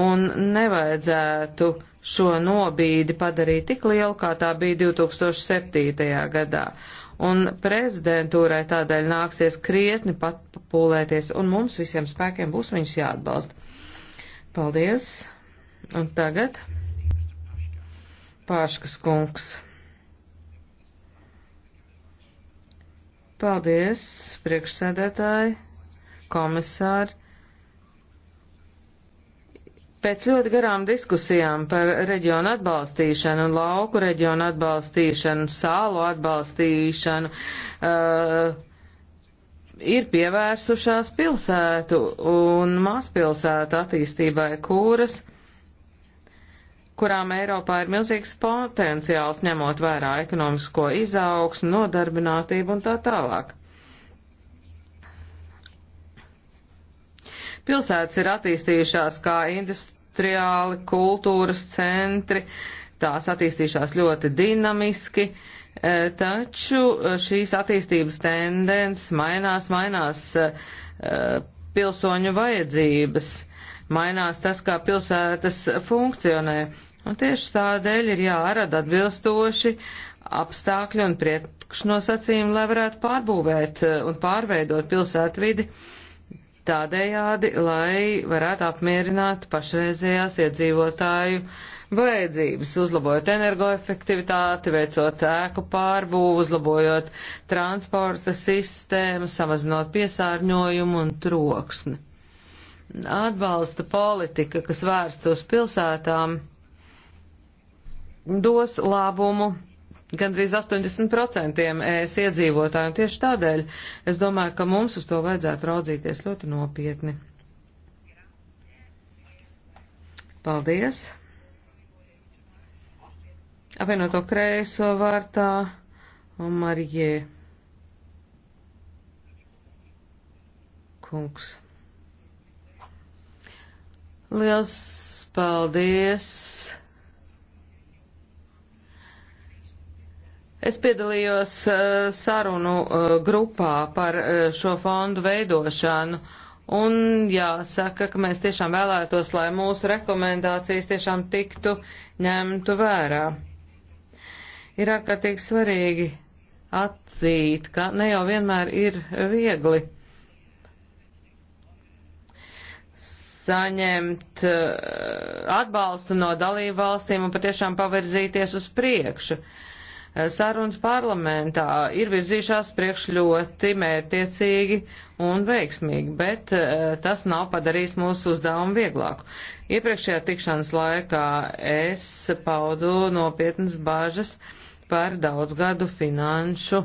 un nevajadzētu šo nobīdi padarīt tik lielu, kā tā bija 2007. gadā. Un prezidentūrai tādēļ nāksies krietni pat papūlēties, un mums visiem spēkiem būs viņus jāatbalsta. Paldies. Un tagad Pārškas kungs. Paldies, priekšsēdētāji, komisāri. Pēc ļoti garām diskusijām par reģionu atbalstīšanu, lauku reģionu atbalstīšanu, sālu atbalstīšanu, uh, ir pievērsušās pilsētu un mazpilsētu attīstībai, kuras, kurām Eiropā ir milzīgs potenciāls ņemot vērā ekonomisko izaugsmu, nodarbinātību un tā tālāk. Pilsētas ir attīstījušās kā industriāli kultūras centri, tās attīstījušās ļoti dinamiski, uh, E, taču e, šīs attīstības tendences mainās, mainās e, pilsoņu vajadzības, mainās tas, kā pilsētas funkcionē. Un tieši tādēļ ir jārada atbilstoši apstākļi un priekšnosacījumi, lai varētu pārbūvēt un pārveidot pilsētvidi tādējādi, lai varētu apmierināt pašreizējās iedzīvotāju uh, vajadzības, uzlabojot energoefektivitāti, veicot ēku pārbūvu, uzlabojot transporta sistēmu, samazinot piesārņojumu un troksni. Atbalsta politika, kas vērsta uz pilsētām, dos labumu gandrīz 80% es iedzīvotāju, un tieši tādēļ es domāju, ka mums uz to vajadzētu raudzīties ļoti nopietni. Paldies! apvienoto kreiso vārtā un Marijē kungs. Liels paldies! Es piedalījos uh, sarunu uh, grupā par uh, šo fondu veidošanu. Un jāsaka, ka mēs tiešām vēlētos, lai mūsu rekomendācijas tiešām tiktu ņemtu vērā ir ārkārtīgi svarīgi atzīt, ka ne jau vienmēr ir viegli saņemt eh, atbalstu no dalību valstīm un patiešām pavirzīties uz priekšu. Eh, sarunas parlamentā ir virzījušās priekš ļoti mērtiecīgi un veiksmīgi, bet eh, tas nav padarījis mūsu uzdevumu vieglāku. Iepriekšējā tikšanas laikā es paudu nopietnas bāžas. Uh, par daudzgadu finanšu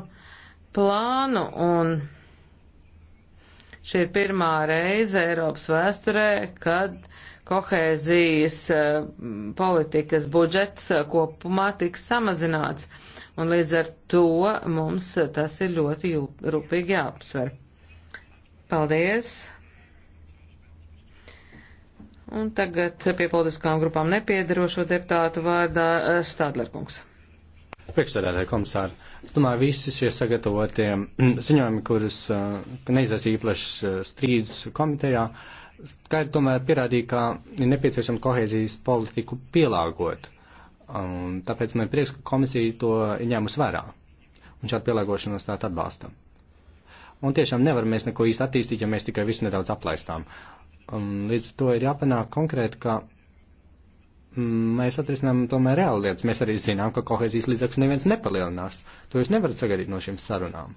plānu, un šī ir pirmā reize Eiropas vēsturē, kad kohēzijas eh, politikas budžets eh, kopumā tiks samazināts, un līdz ar to mums eh, tas ir ļoti jūp, rūpīgi jāapsver. Paldies! Un tagad pie politiskām grupām nepiedarošo deputātu vārdā Stādlerkungs priekšstādātāja komisāra. Es domāju, visi šie sagatavotie ziņojumi, kurus uh, neizraisīja īpašs uh, strīdus komitejā, skaidri tomēr pierādīja, ka ir nepieciešama kohēzijas politiku pielāgot. Um, tāpēc man ir prieks, ka komisija to ir ņēmusi vērā. Un šādu pielāgošanos tā atbalsta. Un tiešām nevar mēs neko īsti attīstīt, ja mēs tikai visu nedaudz aplaistām. Um, līdz to ir jāpanāk konkrēti, ka mēs atrisinām tomēr reāli lietas. Mēs arī zinām, ka kohēzijas līdzekļus neviens nepalielinās. To jūs nevarat sagaidīt no šīm sarunām.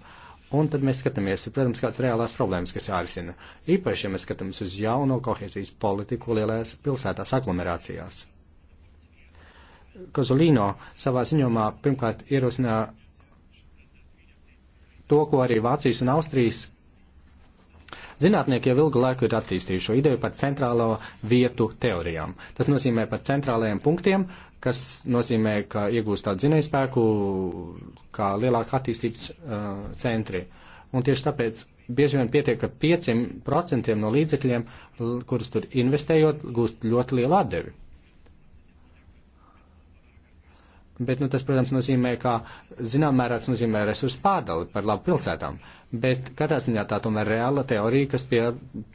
Un tad mēs skatāmies, protams, kādas reālās problēmas, kas jārisina. Īpaši, ja mēs skatāmies uz jauno kohēzijas politiku lielajās pilsētās aglomerācijās. Kozolīno savā ziņomā pirmkārt ierosināja to, ko arī Vācijas un Austrijas Zinātnieki jau ilgu laiku ir attīstījuši šo ideju par centrālo vietu teorijām. Tas nozīmē par centrālajiem punktiem, kas nozīmē, ka iegūst tādu zinēju spēku kā lielāka attīstības uh, centri. Un tieši tāpēc bieži vien pietiek ar 5% no līdzekļiem, kurus tur investējot, gūst ļoti lielu atdevi. Bet nu, tas, protams, nozīmē, ka zināmā mērā tas nozīmē resursu pārdali par labu pilsētām. Bet katrā ziņā tā tomēr reāla teorija, kas pie,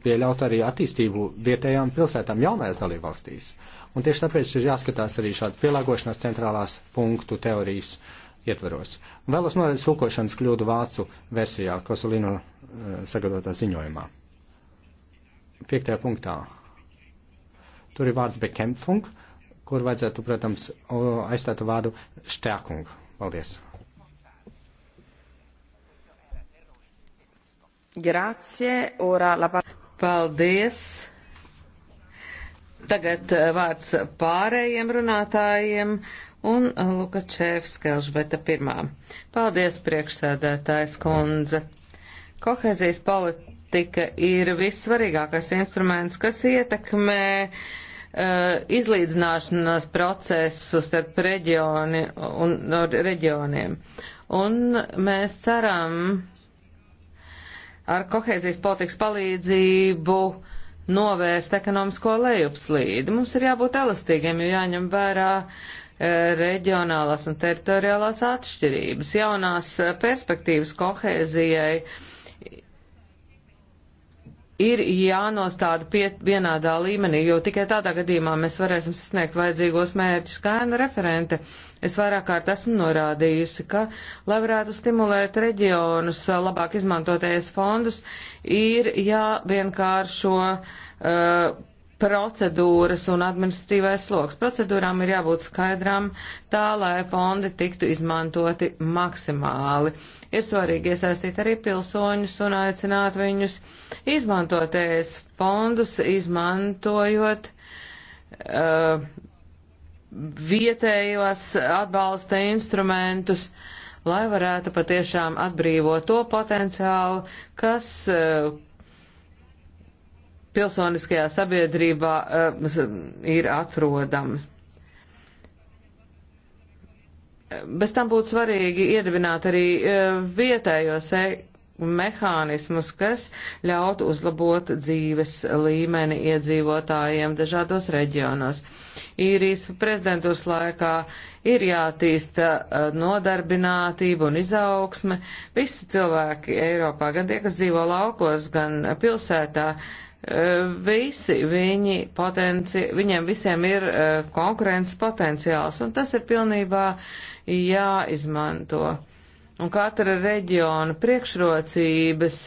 pieļaut arī attīstību vietējām pilsētām jaunajās dalībvalstīs. Un tieši tāpēc ir jāskatās arī šāda pielāgošanās centrālās punktu teorijas ietveros. Vēlos norādīt sulkošanas kļūdu vācu versijā, Kosolino eh, sagatavotā ziņojumā. Piektajā punktā. Tur ir vārds bekempfunk, kur vajadzētu, protams, aizstāt vārdu šķēkungu. Paldies! Grazie, ora la Paldies! Tagad eh, vārds pārējiem runātājiem un eh, Lukačēvs Kelžbeta pirmā. Paldies, priekšsēdētājs kundze! Kohēzijas politika ir vissvarīgākais instruments, kas ietekmē uh, Eh, izlīdzināšanās procesu starp reģioni un, un reģioniem. Un mēs ceram ar kohēzijas politikas palīdzību novērst ekonomisko lejupslīdi. Mums ir jābūt elastīgiem, jo jāņem vērā eh, reģionālās un teritoriālās atšķirības, jaunās eh, perspektīvas kohēzijai ir jānostāda pie vienādā līmenī, jo tikai tādā gadījumā mēs varēsim sasniegt vajadzīgos mērķus. Kā ēna referente, es vairāk kārt esmu norādījusi, ka, lai varētu stimulēt reģionus labāk izmantoties fondus, ir jāvienkāršo uh, procedūras un administratīvais sloks. Procedūrām ir jābūt skaidrām tā, lai fondi tiktu izmantoti maksimāli. Ir svarīgi iesaistīt arī pilsoņus un aicināt viņus izmantoties fondus, izmantojot uh, vietējos atbalsta instrumentus, lai varētu patiešām atbrīvot to potenciālu, kas uh, pilsoniskajā sabiedrībā uh, ir atrodams. Bez tam būtu svarīgi iedibināt arī uh, eh, vietējos e mehānismus, kas ļautu uzlabot dzīves līmeni iedzīvotājiem dažādos reģionos. Īrijas prezidentūras laikā ir jātīsta eh, nodarbinātība un izaugsme. Visi cilvēki Eiropā, gan tie, kas dzīvo laukos, gan pilsētā, uh, Eh, visi viņi potenci, viņiem visiem ir eh, konkurences potenciāls, un tas ir pilnībā jāizmanto. Un katra reģiona priekšrocības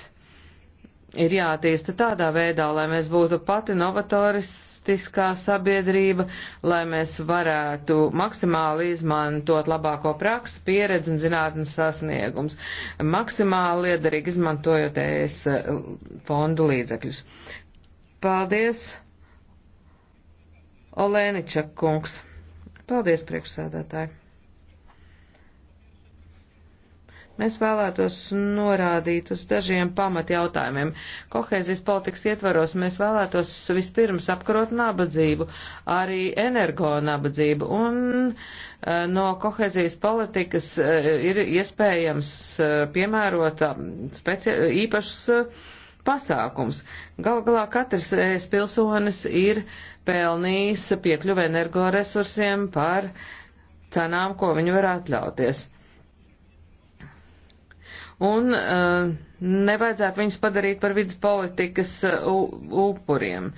ir jātīsta tādā veidā, lai mēs būtu pati novatoristiskā sabiedrība, lai mēs varētu maksimāli izmantot labāko praksu, pieredzi un zinātnes sasniegums, maksimāli liederīgi izmantojot ES eh, fondu līdzekļus. Paldies, Olēniča kungs. Paldies, priekšsēdētāji. Mēs vēlētos norādīt uz dažiem pamatjautājumiem. Kohēzijas politikas ietvaros mēs vēlētos vispirms apkarot nabadzību, arī energo nabadzību, un eh, no kohēzijas politikas eh, ir iespējams eh, piemērot īpašas pasākums. Galu galā katrs ES pilsonis ir pelnījis piekļuvi energoresursiem par cenām, ko viņi var atļauties. Un uh, nevajadzētu viņus padarīt par vidas politikas uh, upuriem.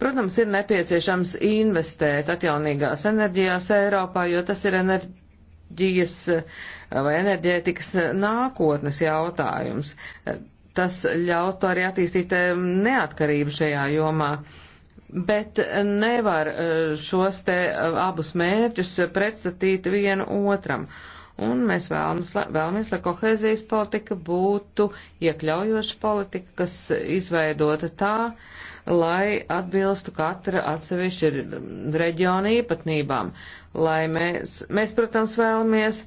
Protams, ir nepieciešams investēt atjaunīgās enerģijās Eiropā, jo tas ir enerģija enerģijas eh, vai enerģētikas nākotnes jautājums tas ļautu arī attīstīt neatkarību šajā jomā. Bet nevar eh, šos te eh, abus mērķus pretstatīt vienu otram. Un mēs vēlamies, vēlamies lai kohēzijas politika būtu iekļaujoša politika, kas izveidota tā, lai atbilstu katra atsevišķa reģiona īpatnībām. Lai mēs, mēs, protams, vēlamies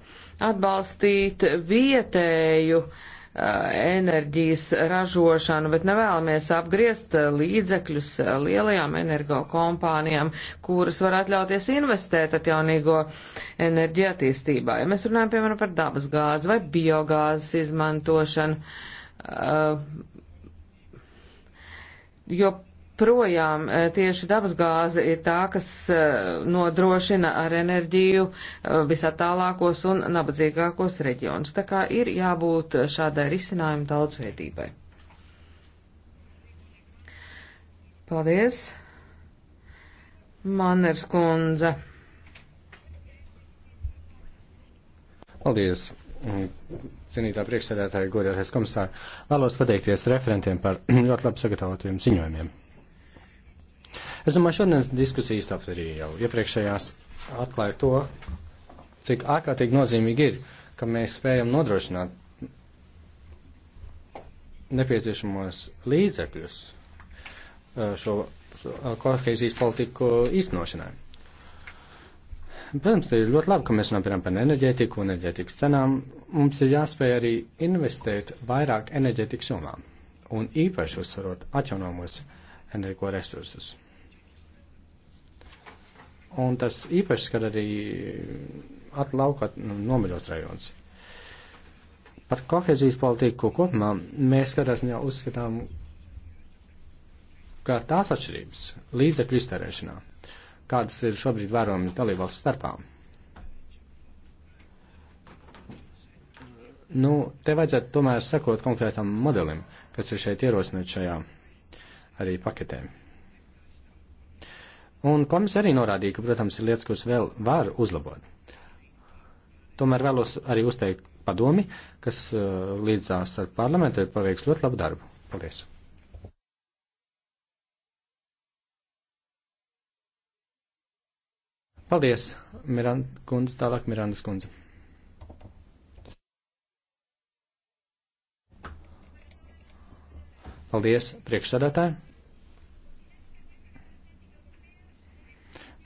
atbalstīt vietēju uh, enerģijas ražošanu, bet nevēlamies apgriezt līdzekļus lielajām energokompānijām, kuras var atļauties investēt atjaunīgo enerģiju attīstībā. Ja mēs runājam, piemēram, par dabas gāzi vai biogāzes izmantošanu, uh, jo projām eh, tieši dabasgāze ir tā, kas eh, nodrošina ar enerģiju eh, visatālākos un nabadzīgākos reģionus. Tā kā ir jābūt šādai risinājumu daudzveidībai. Paldies, Manners kundze. Paldies cienītā priekšsēdētāja, godātais komisār, vēlos pateikties referentiem par ļoti labi sagatavotiem ziņojumiem. Es domāju, šodienas diskusijas tāpat arī jau iepriekšējās atklāja to, cik ārkārtīgi nozīmīgi ir, ka mēs spējam nodrošināt nepieciešamos līdzekļus uh, šo uh, kohēzijas politiku īstenošanai. Protams, ir ļoti labi, ka mēs runājam par enerģētiku un enerģētikas cenām. Mums ir jāspēj arī investēt vairāk enerģētikas jomā un īpaši uzsvarot atjaunojamos uh, energoresursus. Un tas īpaši skar arī atlauka nomaļos nu, rajonus. Par kohezijas politiku kopumā mēs skatās jau uzskatām, ka tās atšķirības līdzekļu iztērēšanā, kādas ir šobrīd vērojamas dalībvalsts starpā, nu, te vajadzētu tomēr sekot konkrētam modelim, kas ir šeit ierosināts šajā arī paketēm. Un komisija arī norādīja, ka, protams, ir lietas, kuras vēl var uzlabot. Tomēr vēlos arī uzteikt padomi, kas uh, līdzās ar parlamentu ir paveiks ļoti labu darbu. Paldies! Paldies, Miranda kundze, tālāk Mirandas kundze. Paldies, priekšsēdētāji!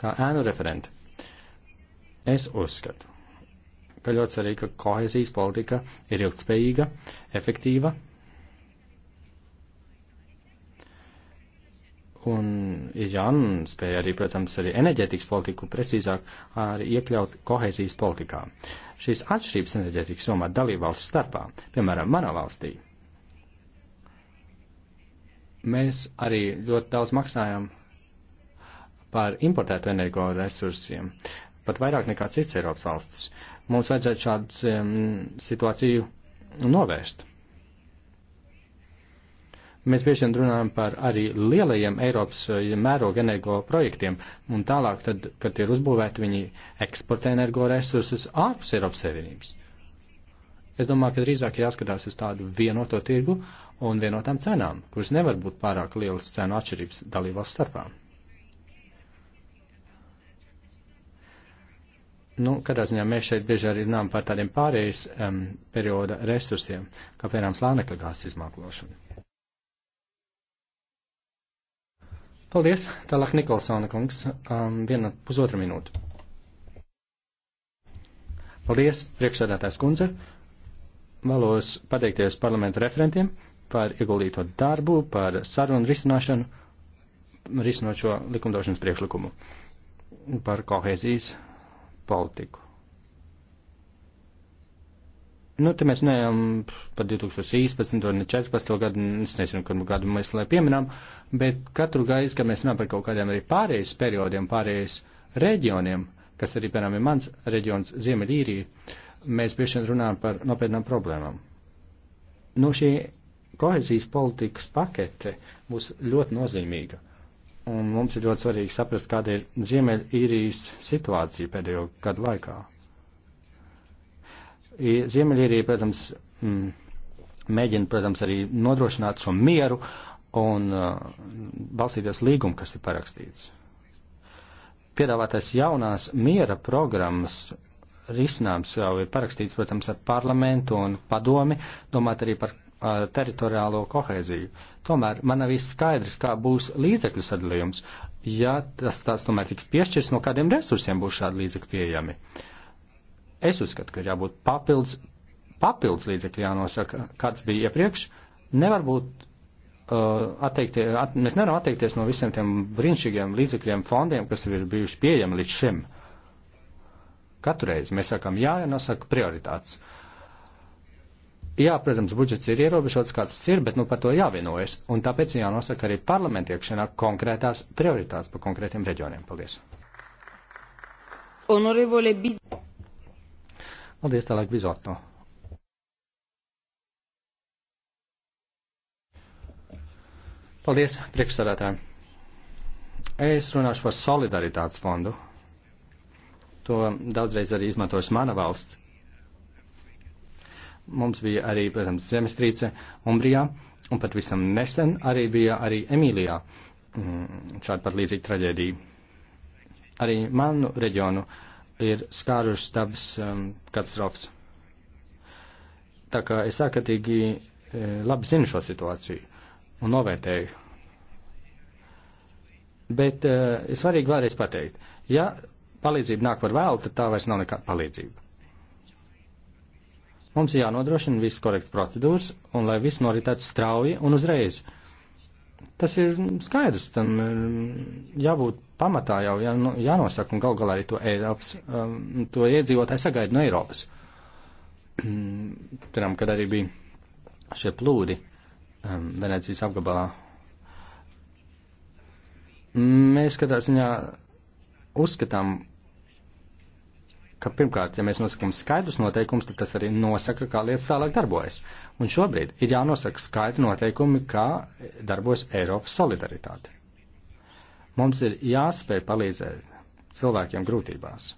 Kā ēnu referenti, es uzskatu, ka ļoti svarīgi, ka kohezijas politika ir ilgtspējīga, efektīva un ir jāspēj arī, protams, arī enerģētikas politiku precīzāk arī iekļaut kohēzijas politikā. Šīs atšķirības enerģētikas jomā dalībvalsts starpā, piemēram, manā valstī, mēs arī ļoti daudz maksājam par importētu energoresursiem, pat vairāk nekā cits Eiropas valstis. Mums vajadzētu šādu um, situāciju novērst. Mēs bieži vien runājam par arī lielajiem Eiropas eh, mēroga energo projektiem, un tālāk, tad, kad ir uzbūvēti, viņi eksportē energoresursus ārpus Eiropas Savienības. Es domāju, ka drīzāk jāskatās uz tādu vienoto tirgu un vienotām cenām, kuras nevar būt pārāk lielas cenu atšķirības dalībvalsts starpām. Nu, katrā ziņā mēs šeit bieži arī runājam par tādiem pārējais um, perioda resursiem, kā piemēram slānekļa gāzes izmantošanu. Paldies, tālāk Nikolsona kungs, um, viena pusotra minūte. Paldies, priekšsēdētājs kundze. Vēlos pateikties parlamentu referentiem par ieguldīto darbu, par sarunu risināšanu, risinot šo likumdošanas priekšlikumu par kohēzijas politiku. Nu, te mēs neejam pa 2016 un 2014 gadu, es nezinu, kuru gadu mēs lai pieminām, bet katru gaisu, kad mēs runājam par kaut kādiem arī pārējais periodiem, pārējais reģioniem, kas arī, piemēram, ir mans reģions Ziemeļīrija, mēs bieži vien runājam par nopietnām problēmām. Nu, šī kohezijas politikas pakete būs ļoti nozīmīga Un mums ir ļoti svarīgi saprast, kāda ir Ziemeļīrijas situācija pēdējo gadu laikā. Ziemeļīrija, protams, mm, mēģina, protams, arī nodrošināt šo mieru un uh, balstīties līgumu, kas ir parakstīts. Piedāvātais jaunās miera programmas risinājums jau ir parakstīts, protams, ar parlamentu un padomi, domāt arī par Uh, teritoriālo kohēziju. Tomēr man nav īsti skaidrs, kā būs līdzekļu sadalījums, ja tas tāds tomēr tiks piešķirs, no kādiem resursiem būs šādi līdzekļi pieejami. Es uzskatu, ka ir jābūt papildus, papildus līdzekļi jānosaka, kāds bija iepriekš. Nevar būt, uh, atteikti, at, mēs nevaram atteikties no visiem tiem brīnišķīgiem līdzekļiem fondiem, kas ir bijuši pieejami līdz šim. Katru reizi mēs sakam jā, ja nosaka prioritātes. Uh, jā, protams, budžets ir ierobežots, kāds tas ir, bet nu, par to jāvienojas. Un tāpēc jānosaka arī parlamentiekšanā konkrētās prioritātes par konkrētiem reģioniem. Paldies! Honorevole Bid. Paldies, tālāk Bizotno. Paldies, priekšsādātājiem. Es runāšu par solidaritātes fondu. To daudzreiz arī izmantojas mana valsts. Mums bija arī, protams, zemestrīce Umbrijā, un pat visam nesen arī bija arī Emīlijā mm, šāda pat līdzīga traģēdija. Arī manu reģionu ir skārušas dabas um, katastrofas. Tā kā es ārkārtīgi e, labi zinu šo situāciju un novērtēju. Bet uh, e, ir svarīgi vēlreiz pateikt, ja palīdzība nāk par vēlu, tad tā vairs nav nekāda palīdzība. Mums ir jānodrošina viss korekts procedūras un lai viss noritētu strauji un uzreiz. Tas ir skaidrs, tam jābūt pamatā jau nu, jānosaka un gal galā arī to Eiropas, um, to iedzīvotāji sagaida no Eiropas. Piemēram, kad arī bija šie plūdi um, Venecijas apgabalā. Mēs, katrā ziņā, uzskatām, ka pirmkārt, ja mēs nosakam skaidrus noteikumus, tad tas arī nosaka, kā lietas tālāk darbojas. Un šobrīd ir jānosaka skaidri noteikumi, kā darbojas Eiropas solidaritāte. Mums ir jāspēj palīdzēt cilvēkiem grūtībās,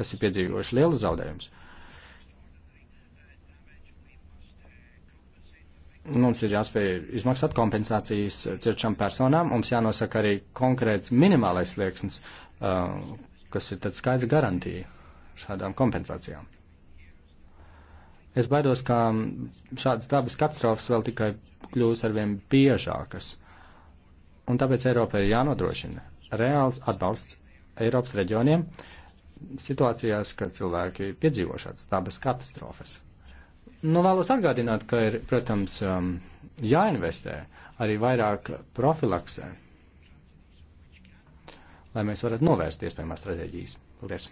kas ir piedzīvojuši lielu zaudējumus. mums ir jāspēj izmaksāt kompensācijas cietušām personām, mums jānosaka arī konkrēts minimālais slieksnis, uh, kas ir tad skaidra garantija šādām kompensācijām. Es baidos, ka šādas dabas katastrofas vēl tikai kļūs arvien biežākas, un tāpēc Eiropai ir jānodrošina reāls atbalsts Eiropas reģioniem situācijās, kad cilvēki piedzīvo šādas dabas katastrofas. Nu, vēlos atgādināt, ka ir, protams, um, jāinvestē arī vairāk profilaksē, lai mēs varētu novērst iespējamās traģēdijas. Paldies!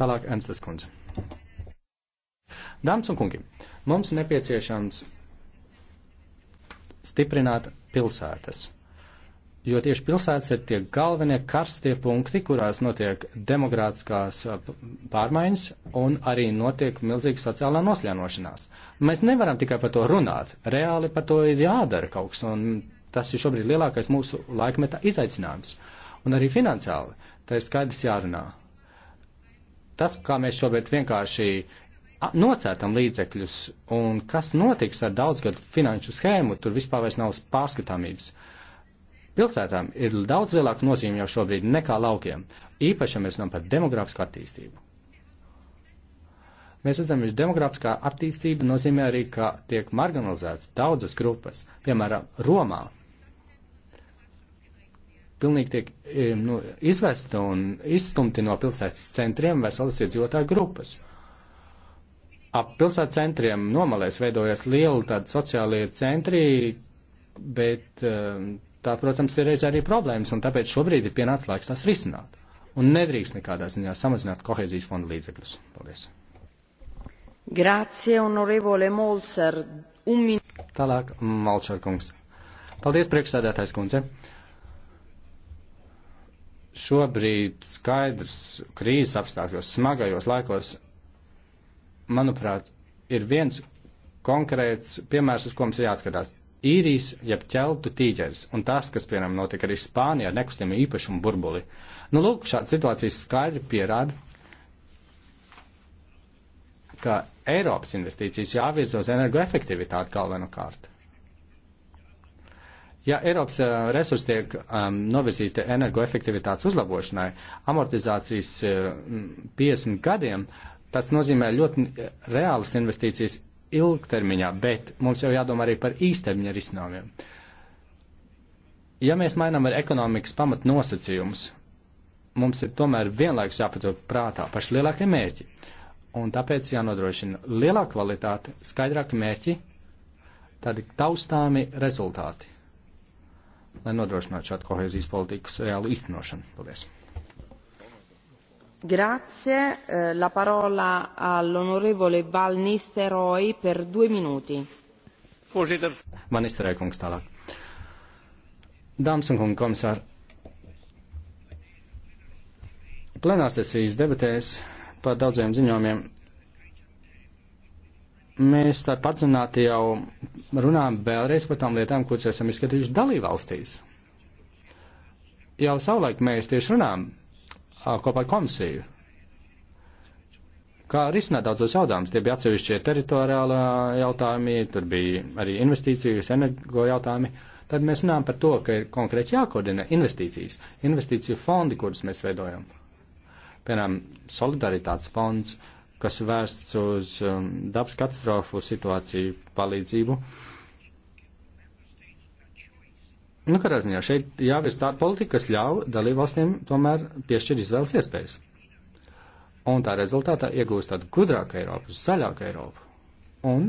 Tālāk, Enstas kundze. Dāmas un kungi, mums nepieciešams stiprināt pilsētas, jo tieši pilsētas ir tie galvenie karstie punkti, kurās notiek demokrātiskās uh, pārmaiņas un arī notiek milzīga sociālā nosļānošanās. Mēs nevaram tikai par to runāt, reāli par to ir jādara kaut kas, un tas ir šobrīd lielākais mūsu laikmetā izaicinājums. Un arī finansiāli, tā ir skaidrs jārunā tas, kā mēs šobrīd vienkārši nocērtam līdzekļus un kas notiks ar daudzgadu finanšu schēmu, tur vispār vairs nav pārskatāmības. Pilsētām ir daudz lielāka nozīme jau šobrīd nekā laukiem, īpaši, ja mēs runājam par demogrāfisku attīstību. Mēs redzam, ka demogrāfiskā attīstība nozīmē arī, ka tiek marginalizētas daudzas grupas. Piemēram, Romā pilnīgi tiek e, nu, izvesta un izstumti no pilsētas centriem veselas iedzīvotāju grupas. Ap pilsētas centriem nomalēs veidojas liela tāda sociālie centri, bet e, tā, protams, ir reiz arī problēmas, un tāpēc šobrīd ir pienācis laiks tās risināt. Un nedrīkst nekādā ziņā samazināt kohēzijas fonda līdzekļus. Paldies. Grācie, honorevole Molcer. Un... Tālāk, Malčer kungs. Paldies, priekšsēdētājs kundze. Uh, šobrīd skaidrs krīzes apstākļos, smagajos laikos, manuprāt, ir viens konkrēts piemērs, uz ko mums ir jāatskatās. Īrijas jeb ķeltu tīģeris un tas, kas, piemēram, notika arī Spānijā ar nekustiem īpašumu burbuli. Nu, lūk, šāda situācija skaidri pierāda, ka Eiropas investīcijas jāvirza uz energoefektivitāti galvenokārt. Ja Eiropas eh, resursi tiek um, novirzīti energoefektivitātes uzlabošanai, amortizācijas um, eh, 50 gadiem, tas nozīmē ļoti eh, reālas investīcijas ilgtermiņā, bet mums jau jādomā arī par īstermiņa risinājumiem. Ja mēs mainām ar ekonomikas pamatnosacījumus, mums ir tomēr vienlaikus jāpatur prātā paši lielākie mērķi. Un tāpēc jānodrošina lielāka kvalitāte, skaidrāki mērķi, tādi taustāmi rezultāti lai nodrošinātu šādu kohēzijas politikas reālu īstenošanu. Paldies! Grazie. Eh, la parola all'onorevole Val Nisteroi per due minuti. Voorzitter. Val Nisteroi, kungs tālāk. Dāmas un kungi, komisār. Plenāsesijas debatēs par daudziem ziņojumiem mēs tā padzināti jau runājam vēlreiz par tām lietām, kuras esam izskatījuši dalībvalstīs. Jau savulaik mēs tieši runājam kopā ar komisiju, kā risināt daudzos jautājumus. Tie bija atsevišķie teritoriālā jautājumi, tur bija arī investīcijas, energo jautājumi. Tad mēs runājam par to, ka ir konkrēti jākoordinē investīcijas, investīciju fondi, kurus mēs veidojam. Piemēram, solidaritātes fonds, uh, kas vērsts uz um, dabas katastrofu situāciju palīdzību. Nu, kādā ziņā šeit jāvies tāda politika, kas ļauj dalībvalstīm tomēr piešķir izvēles iespējas. Un tā rezultātā iegūst tādu gudrāku Eiropu, zaļāku Eiropu un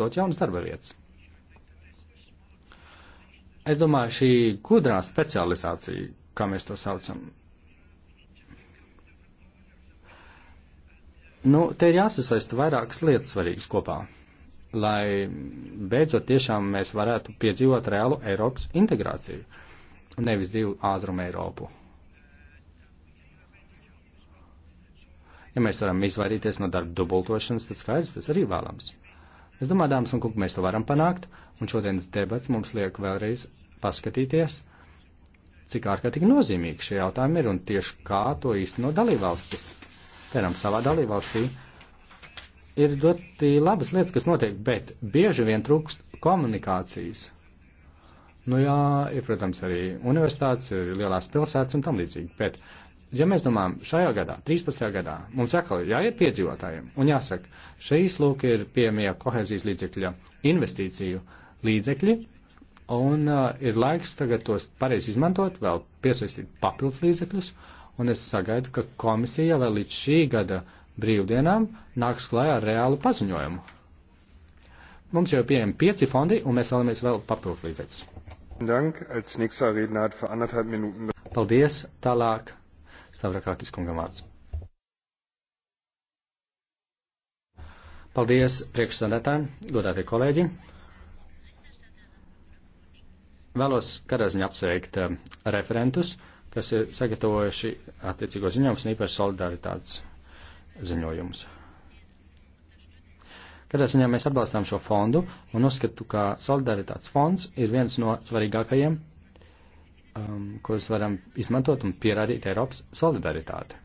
dot jaunas darba vietas. Es domāju, šī gudrā specializācija, kā mēs to saucam, Nu, te ir jāsasaista vairākas lietas svarīgas kopā, lai beidzot tiešām mēs varētu piedzīvot reālu Eiropas integrāciju, nevis divu ātrumu Eiropu. Ja mēs varam izvairīties no darba dubultošanas, tad skaidrs, tas arī vēlams. Es domāju, dāmas un kungi, mēs to varam panākt, un šodienas debats mums liek vēlreiz paskatīties, cik ārkārtīgi nozīmīgi šie jautājumi ir un tieši kā to īstenot dalībvalstis darām savā dalībvalstī, ir ļoti labas lietas, kas notiek, bet bieži vien trūkst komunikācijas. Nu jā, ir, protams, arī universitātes, ir lielās pilsētas un tam līdzīgi, bet, ja mēs domājam, šajā gadā, 13. gadā, mums atkal jāiet piedzīvotājiem un jāsaka, šīs lūk ir piemie kohēzijas līdzekļa investīciju līdzekļi, un uh, ir laiks tagad tos pareizi izmantot, vēl piesaistīt papildus līdzekļus, uh, un es sagaidu, ka komisija vēl līdz šī gada brīvdienām nāks klājā ar reālu paziņojumu. Mums jau pieejam pieci fondi, un mēs vēlamies vēl papildus līdzekļus. Paldies, tālāk Stavrakākis kungam vārds. Paldies priekšsādātājiem, godātie kolēģi. Vēlos katrā ziņā apsveikt eh, referentus kas ir sagatavojuši attiecīgo ziņojumus un īpaši solidaritātes ziņojumus. Katrā ziņā mēs atbalstām šo fondu un uzskatu, ka solidaritātes fonds ir viens no svarīgākajiem, um, kurus varam izmantot un pierādīt Eiropas solidaritāti.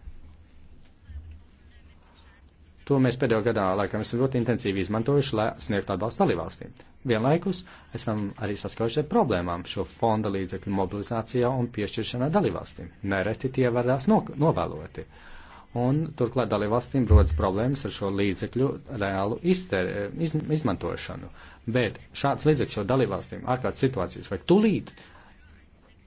To mēs pēdējo gadā laikam esam ļoti intensīvi izmantojuši, lai sniegtu atbalstu dalībvalstīm. Vienlaikus esam arī saskaujuši ar problēmām šo fonda līdzekļu mobilizācijā un piešķiršanā dalībvalstīm. Nereti tie vadās no, novēloti. Un turklāt dalībvalstīm rodas problēmas ar šo līdzekļu reālu izter, iz, izmantošanu. Bet šāds līdzekļu šo dalībvalstīm ārkārtas situācijas vajag tulīt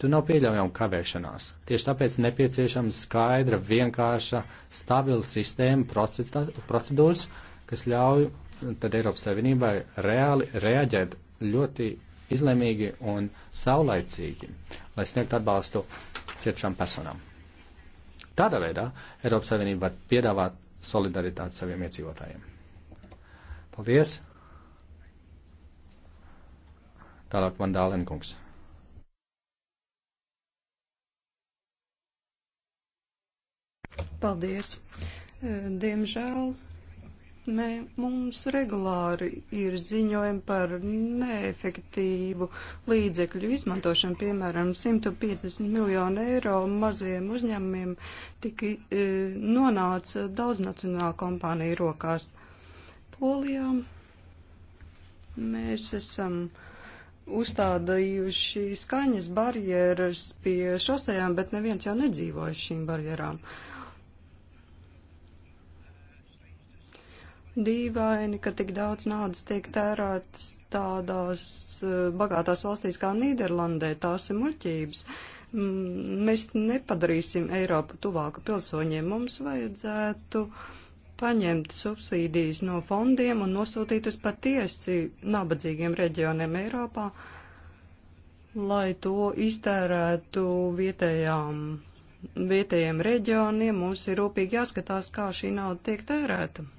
Tur nav pieļaujama kavēšanās. Tieši tāpēc nepieciešama skaidra, vienkārša, stabila sistēma procedūras, kas ļauj tad Eiropas Savienībai reāli reaģēt ļoti izlēmīgi un saulaicīgi, lai sniegtu atbalstu cietušām personām. Tādā veidā Eiropas Savienība var piedāvāt solidaritāti saviem iedzīvotājiem. Paldies! Tālāk man dālenkungs. Paldies. E, diemžēl mē, mums regulāri ir ziņojumi par neefektīvu līdzekļu izmantošanu. Piemēram, 150 miljonu eiro maziem uzņēmumiem tika e, nonāca daudznacionāla kompānija rokās. Polijā mēs esam uzstādījuši skaņas barjeras pie šosejām, bet neviens jau nedzīvoja šīm barjerām. Uh, dīvaini, ka tik daudz naudas tiek tērētas tādās eh, bagātās valstīs kā Nīderlandē. Tās ir muļķības. Mēs nepadarīsim Eiropu tuvāku pilsoņiem. Mums vajadzētu paņemt subsīdijas no fondiem un nosūtīt uz patiesi nabadzīgiem reģioniem Eiropā, lai to iztērētu vietējām, vietējiem reģioniem. Mums ir rūpīgi jāskatās, kā šī nauda tiek tērēta.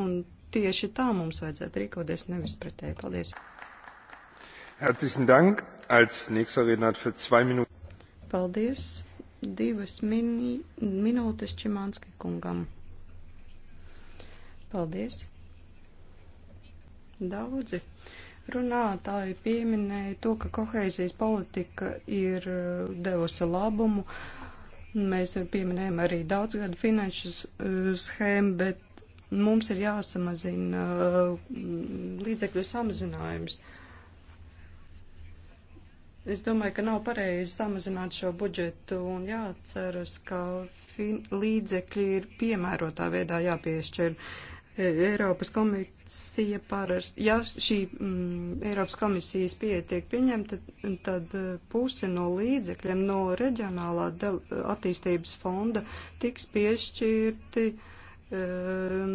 Un tieši tā mums vajadzētu rīkoties, nevis pretēji. Paldies! Herzlichen Dank. Als nächster Redner hat für zwei Minuten. Paldies. Divas mini, minūtes Čimanski kungam. Paldies. Daudzi runātāji pieminēja to, ka kohēzijas politika ir uh, devusi labumu. Mēs pieminējam arī daudzgadu finanšu uh, schēmu, bet mums ir jāsamazina uh, līdzekļu samazinājums. Es domāju, ka nav pareizi samazināt šo budžetu un jāatceras, ka līdzekļi ir piemērotā veidā jāpiešķir. E, Eiropas komisija pārar, ja šī mm, Eiropas komisijas pieeja tiek pieņemta, tad, tad e, puse no līdzekļiem no reģionālā attīstības fonda tiks piešķirti uh, Um,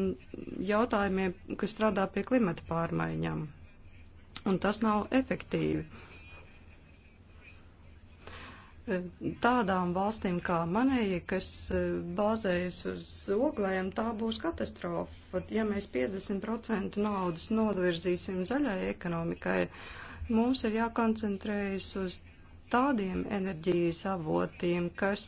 jautājumiem, kas strādā pie klimata pārmaiņām. Un tas nav efektīvi. Tādām valstīm kā manēja, kas uh, bāzējas uz oglēm, tā būs katastrofa. Ja mēs 50% naudas novirzīsim zaļai ekonomikai, mums ir jākoncentrējas uz tādiem enerģijas avotiem, kas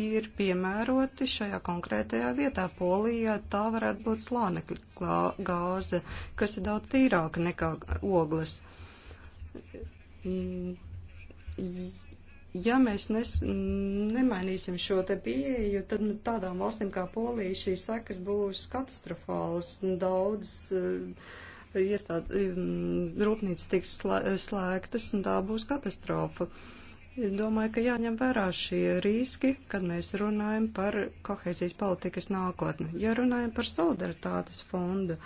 ir piemēroti šajā konkrētajā vietā. Polijā tā varētu būt slānekļa gāze, kas ir daudz tīrāka nekā ogles. Ja mēs nes, nemainīsim šo te pieeju, tad nu, tādām valstīm kā Polija šīs sekas būs katastrofālas. Daudz uh, eh, iestādes, um, mm, rūpnīcas tiks slē, slēgtas un tā būs katastrofa. Uh, Domāju, ka jāņem vērā šie riski, kad mēs runājam par kohēzijas politikas nākotni. Ja runājam par solidaritātes fondu,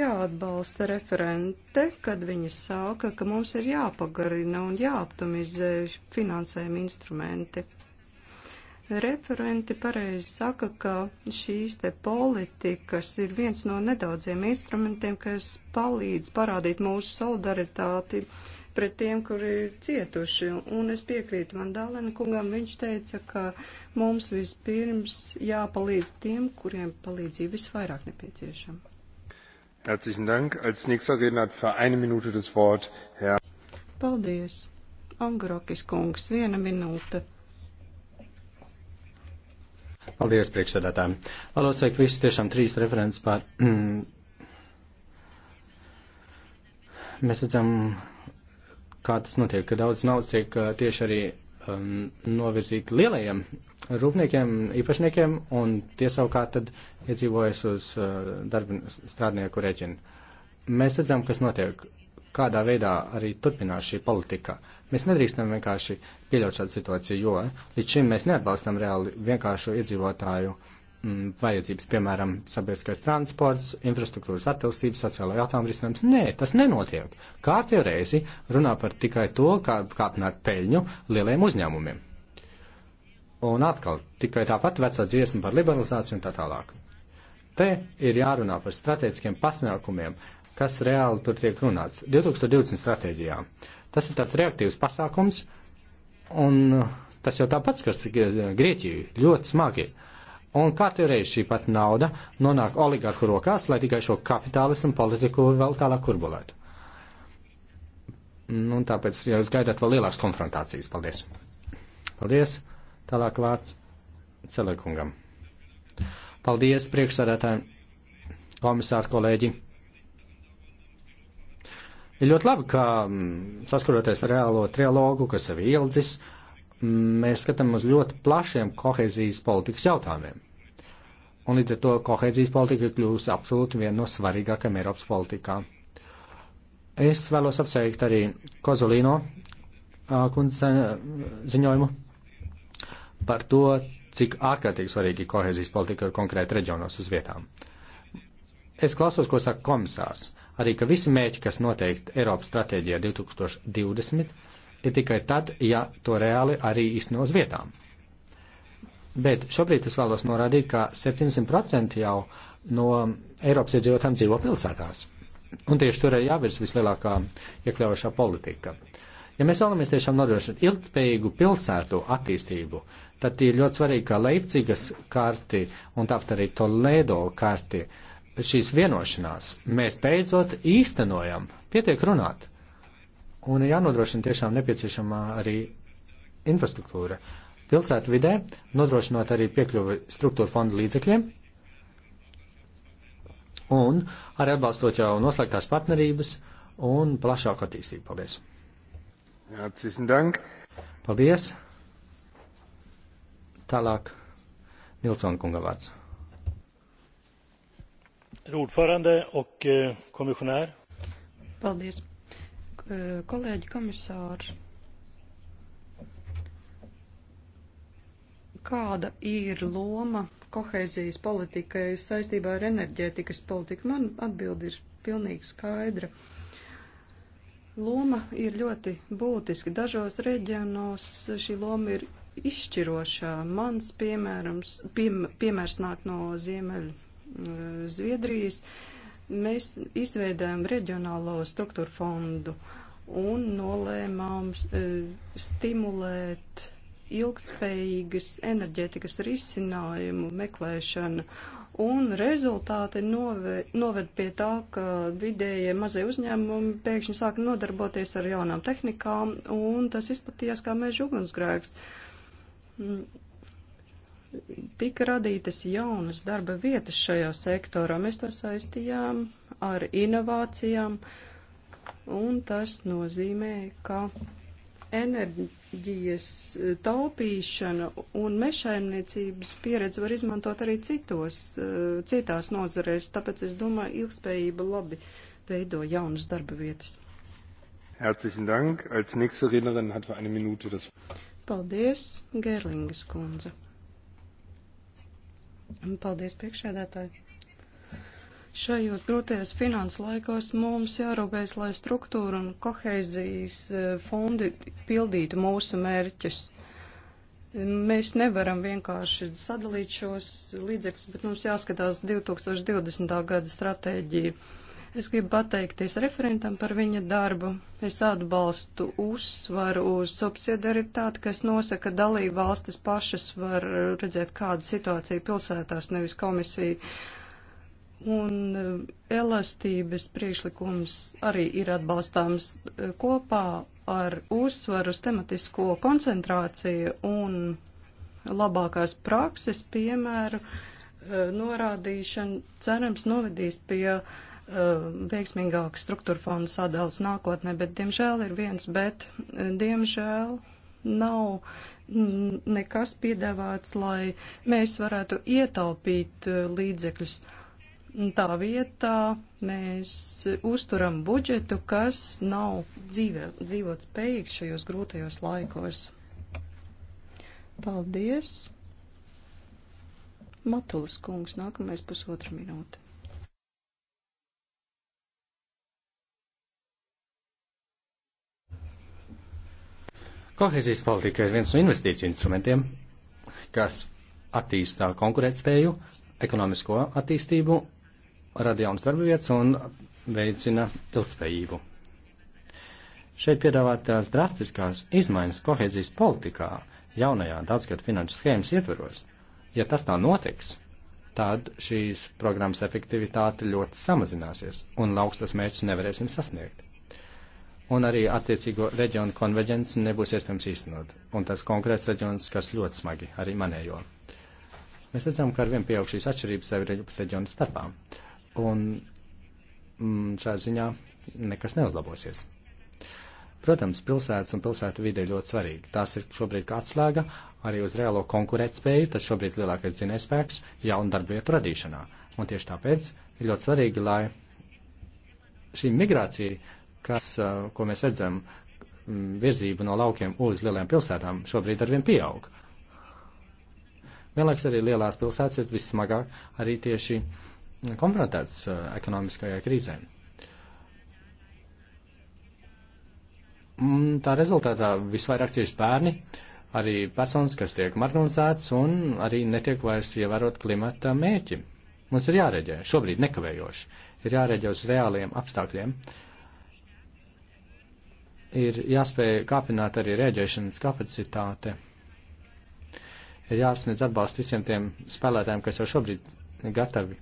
jāatbalsta referente, kad viņi sāka, ka mums ir jāpagarina un jāoptimizē finansējuma instrumenti. Referenti pareizi saka, ka šīs te politikas ir viens no nedaudziem instrumentiem, kas palīdz parādīt mūsu solidaritāti uh, pret tiem, kuri ir cietuši. Un es piekrītu Vandālēna kungam, viņš teica, ka mums vispirms jāpalīdz tiem, kuriem palīdzība visvairāk nepieciešama. Herzlichen Dank. Als nächster Redner hat für eine Minute das Wort Herr. Paldies. Angrokis kungs, viena minūte. Paldies, priekšsēdētājiem. Vēlos sveikt visus tiešām trīs referents par. Mēs redzam, kā tas notiek, ka daudz naudas tiek uh, tieši arī um, novirzīt lielajiem rūpniekiem, īpašniekiem, un tie savukārt tad iedzīvojas uz uh, darba strādnieku rēķinu. Mēs redzam, kas notiek, kādā veidā arī turpinās šī politika. Mēs nedrīkstam vienkārši pieļaut šādu situāciju, jo līdz šim mēs neatbalstam reāli vienkāršu iedzīvotāju uh, Mm, vajadzības, piemēram, sabiedriskais transports, infrastruktūras attīstība, sociālo jautājumu risinājums. Nē, tas nenotiek. Kārtie reizi runā par tikai to, kā kāpināt peļņu lieliem uzņēmumiem. Un atkal, tikai tāpat vecā dziesma par liberalizāciju un tā tālāk. Te ir jārunā par strateģiskiem pasākumiem, kas reāli tur tiek runāts. 2020 stratēģijā. Tas ir tāds reaktīvs pasākums, un tas jau tāpats, kas Grieķiju ļoti smagi. Uh, Un katru reizi šī pat nauda nonāk oligarhu rokās, lai tikai šo kapitālismu politiku vēl tālāk kurbulētu. Nu, un tāpēc, ja jūs gaidāt vēl lielākas konfrontācijas, paldies. Paldies. Tālāk vārds Celerkungam. Paldies, priekšsādātāji, komisāri, kolēģi. Ir ļoti labi, ka mm, saskaroties ar reālo trilogu, kas ir ilgs, mēs skatām uz ļoti plašiem kohēzijas politikas jautājumiem. Un līdz ar to kohēzijas politika kļūs absolūti viena no svarīgākajām Eiropas politikām. Es vēlos apsveikt arī Kozolīno kundze ziņojumu par to, cik ārkārtīgi svarīgi kohēzijas politika ir konkrēti reģionos uz vietām. Es klausos, ko saka komisārs, arī ka visi mēķi, kas noteikti Eiropas stratēģijā 2020, ir tikai tad, ja to reāli arī īsteno uz vietām. Bet šobrīd es vēlos norādīt, ka 700% jau no Eiropas iedzīvotājiem dzīvo pilsētās. Un tieši tur ir jāvirs vislielākā iekļaujošā politika. Ja mēs vēlamies tiešām nodrošināt ilgspējīgu pilsētu attīstību, tad ir ļoti svarīgi, ka Leipzigas karti un tāpat arī Toledo karti šīs vienošanās mēs beidzot īstenojam. Pietiek runāt un ir jānodrošina tiešām nepieciešamā arī infrastruktūra. Pilsētu vidē nodrošinot arī piekļuvi struktūra fonda līdzekļiem un arī atbalstot jau noslēgtās partnerības un plašāku attīstību. Paldies! Herzlichen Dank! Paldies! Tālāk Nilsson kunga vārds. Ordförande och äh, kommissionär. Paldies! kolēģi komisāri, kāda ir loma kohēzijas politikai saistībā ar enerģētikas politiku? Man atbildi ir pilnīgi skaidra. Loma ir ļoti būtiska. Dažos reģionos šī loma ir izšķirošā. Mans piemērums, piem, piemērs nāk no Ziemeļ Zviedrijas. Uh, Mēs izveidējām reģionālo struktūru fondu un nolēmām e, stimulēt ilgspējīgas enerģētikas risinājumu meklēšanu, un rezultāti nove, noved pie tā, ka vidējie mazie uzņēmumi pēkšņi sāka nodarboties ar jaunām tehnikām, un tas izplatījās kā meža ugunsgrēks. Mm, tika radītas jaunas darba vietas šajā sektorā. Mēs to saistījām ar inovācijām, un tas nozīmē, ka enerģijas taupīšana un mešaimniecības pieredze var izmantot arī citos, eh, citās nozarēs, tāpēc es domāju, ilgspējība labi veido jaunas darba vietas. Herzlichen Dank. Als nächste Rednerin hat für eine Minute das. Paldies, Gerlingas kundze. Paldies, priekšēdētāji. Šajos grūtajos finansu laikos mums jārūpējas, lai struktūra un koheizijas e, fondi pildītu mūsu mērķus. Mēs nevaram vienkārši sadalīt šos līdzekļus, bet mums jāskatās 2020. gada stratēģija Es gribu pateikties referentam par viņa darbu. Es atbalstu uzsvaru uz subsidiaritāti, kas nosaka dalību valstis pašas var redzēt, kāda situācija pilsētās, nevis komisija. Un eh, elastības priekšlikums arī ir atbalstāms eh, kopā ar uzsvaru uz tematisko koncentrāciju un labākās prakses piemēru eh, norādīšana cerams novedīs pie uh, Eh, veiksmīgāka struktūra fonda sadals nākotnē, bet diemžēl ir viens, bet eh, diemžēl nav nekas piedāvāts, lai mēs varētu ietaupīt eh, līdzekļus. Tā vietā mēs uzturam budžetu, kas nav dzīvē, dzīvot spējīgs šajos grūtajos laikos. Paldies! Matulis kungs, nākamais pusotra minūte. Kohezijas politika ir viens no investīciju instrumentiem, kas attīstā konkurētspēju, ekonomisko attīstību, rada jaunas darba vietas un veicina ilgspējību. Šeit piedāvātās drastiskās izmaiņas kohezijas politikā jaunajā daudzgad finanšu schēmas ietveros. Ja tas tā notiks, tad šīs programmas efektivitāte ļoti samazināsies un laukstos mērķus nevarēsim sasniegt un arī attiecīgo reģionu konverģences nebūs iespējams īstenot. Un tas konkrēts reģions, kas ļoti smagi arī manējo. Mēs redzam, ka arvien pieaug šīs atšķirības sevi reģionu starpā. Un mm, šā ziņā nekas neuzlabosies. Protams, pilsētas un pilsētu vide ir ļoti svarīga. Tās ir šobrīd kā atslēga arī uz reālo konkurētspēju, tas šobrīd lielākais dzinējspēks jaunu darbu vietu radīšanā. Un tieši tāpēc ir ļoti svarīgi, lai šī migrācija kas, ko mēs redzam, virzību no laukiem uz lielajām pilsētām šobrīd arvien pieaug. Vienlaiks arī lielās pilsētas ir vissmagāk arī tieši konfrontētas ekonomiskajā krīzē. Tā rezultātā visvairāk cieši bērni, arī personas, kas tiek marginalizētas un arī netiek vairs ievērot klimata mērķi. Mums ir jāreģē šobrīd nekavējoši, ir jāreģē uz reāliem apstākļiem, uh, ir jāspēj kāpināt arī rēģēšanas kapacitāte. Ir jāsniedz atbalstu visiem tiem spēlētājiem, kas jau šobrīd gatavi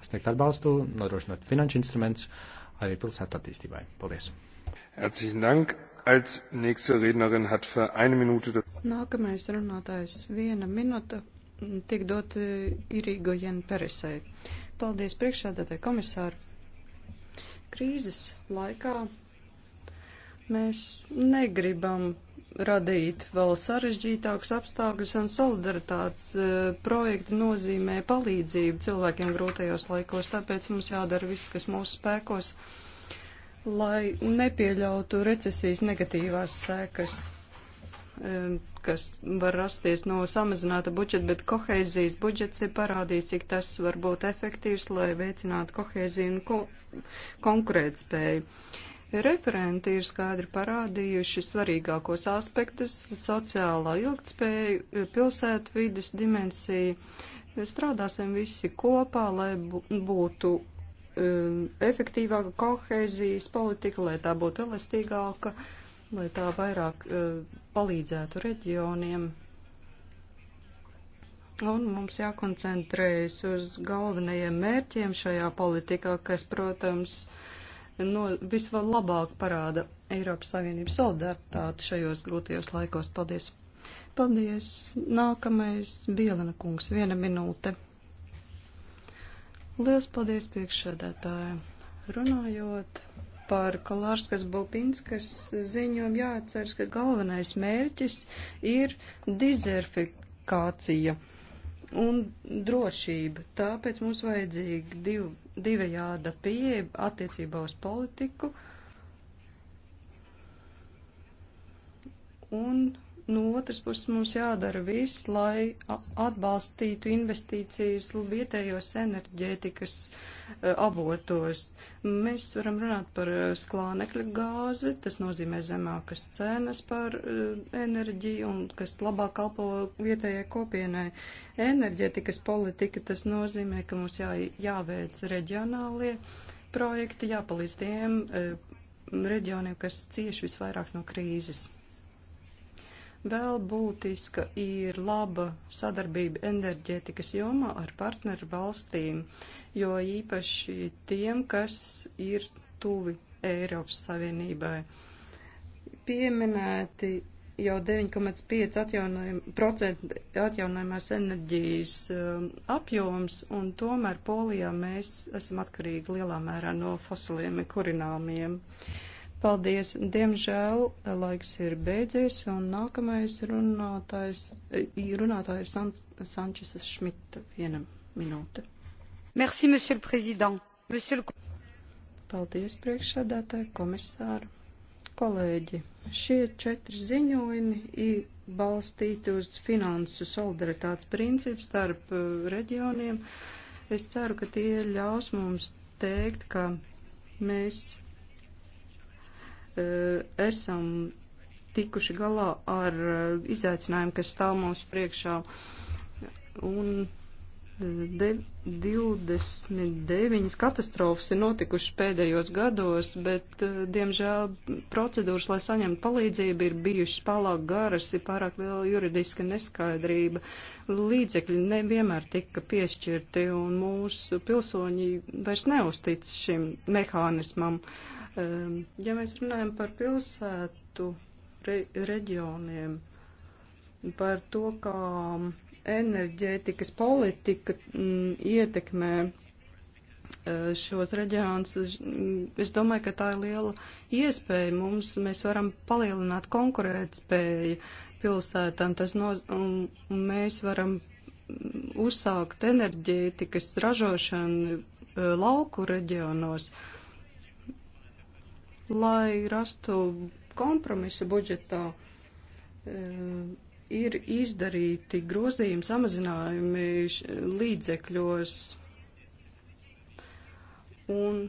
sniegt atbalstu, nodrošinot finanšu instrumentus arī pilsētu attīstībai. Paldies! Herzlichen Dank! Als nächste Rednerin hat für eine Minute. Nākamais runātājs viena minūte tiek dot e, Irīgo Jēnu Peresai. Paldies priekšsēdētāji komisāri. Krīzes laikā Mēs negribam radīt vēl sarežģītākus apstākļus, un solidaritātes e, projekti nozīmē palīdzību cilvēkiem grūtajos laikos, tāpēc mums jādara viss, kas mūsu spēkos, lai nepieļautu recesijas negatīvās sēkas, e, kas var rasties no samazināta budžeta, bet kohēzijas budžets ir parādījis, cik tas var būt efektīvs, lai veicinātu kohēziju un ko konkurētspēju. spēju Referenti ir skaidri parādījuši svarīgākos aspektus - sociālā ilgtspēja, pilsētvidas dimensija. Strādāsim visi kopā, lai būtu um, efektīvāka kohēzijas politika, lai tā būtu elastīgāka, lai tā vairāk uh, palīdzētu reģioniem. Un mums jākoncentrējas uz galvenajiem mērķiem šajā politikā, kas, protams, uh, no, vislabāk parāda Eiropas Savienības solidaritāti šajos grūtajos laikos. Paldies! Paldies! Nākamais Bielana kungs, viena minūte. Liels paldies priekšsēdētājiem! Runājot par Kalārskas Bobinskas ziņojumu jāatceras, ka galvenais mērķis ir dizerfikācija un drošība. Tāpēc mums vajadzīgi divu divējāda pieeja attiecībā uz politiku un No otras puses mums jādara viss, lai atbalstītu investīcijas vietējos enerģētikas e, avotos. Mēs varam runāt par e, sklānekļa gāzi, tas nozīmē zemākas cenas par e, enerģiju un kas labāk kalpo vietējai kopienai. Enerģētikas politika, tas nozīmē, ka mums jā, jāveic reģionālie projekti jāpalīdz tiem e, reģioniem, kas cieši visvairāk no krīzes. Vēl būtiska ir laba sadarbība enerģētikas jomā ar partneru valstīm, jo īpaši tiem, kas ir tuvi Eiropas Savienībai. Pieminēti jau 9,5% atjaunojumās enerģijas um, apjoms, un tomēr Polijā mēs esam atkarīgi lielā mērā no fosiliem kurināmiem. Uh, Paldies. Diemžēl eh, laiks ir beidzies, un nākamais runātājs, eh, runātājs ir San, Sančesa Šmita. Viena minūte. Merci, monsieur le président. Monsieur le... Paldies, priekšsēdētāji, komisāri, kolēģi. Šie četri ziņojumi ir balstīti uz finansu solidaritātes principu starp eh, reģioniem. Es ceru, ka tie ļaus mums teikt, ka mēs esam tikuši galā ar izaicinājumu, kas stāv mums priekšā. Un 29 katastrofas ir notikušas pēdējos gados, bet, diemžēl, procedūras, lai saņemtu palīdzību, ir bijušas pārāk garas, ir pārāk liela juridiska neskaidrība. Līdzekļi nevienmēr tika piešķirti, un mūsu pilsoņi vairs neuztic šim mehānismam. Uh, Ehm, ja mēs runājam par pilsētu re, reģioniem, par to, kā enerģētikas politika mm, ietekmē eh, šos reģionus. Mm, es domāju, ka tā ir liela iespēja mums. Mēs varam palielināt konkurētspēju pilsētām. Tas no, un, un mēs varam mm, uzsākt enerģētikas ražošanu eh, lauku reģionos. Uh, lai rastu kompromisu budžetā. E, ir izdarīti grozījumi, samazinājumi līdzekļos, un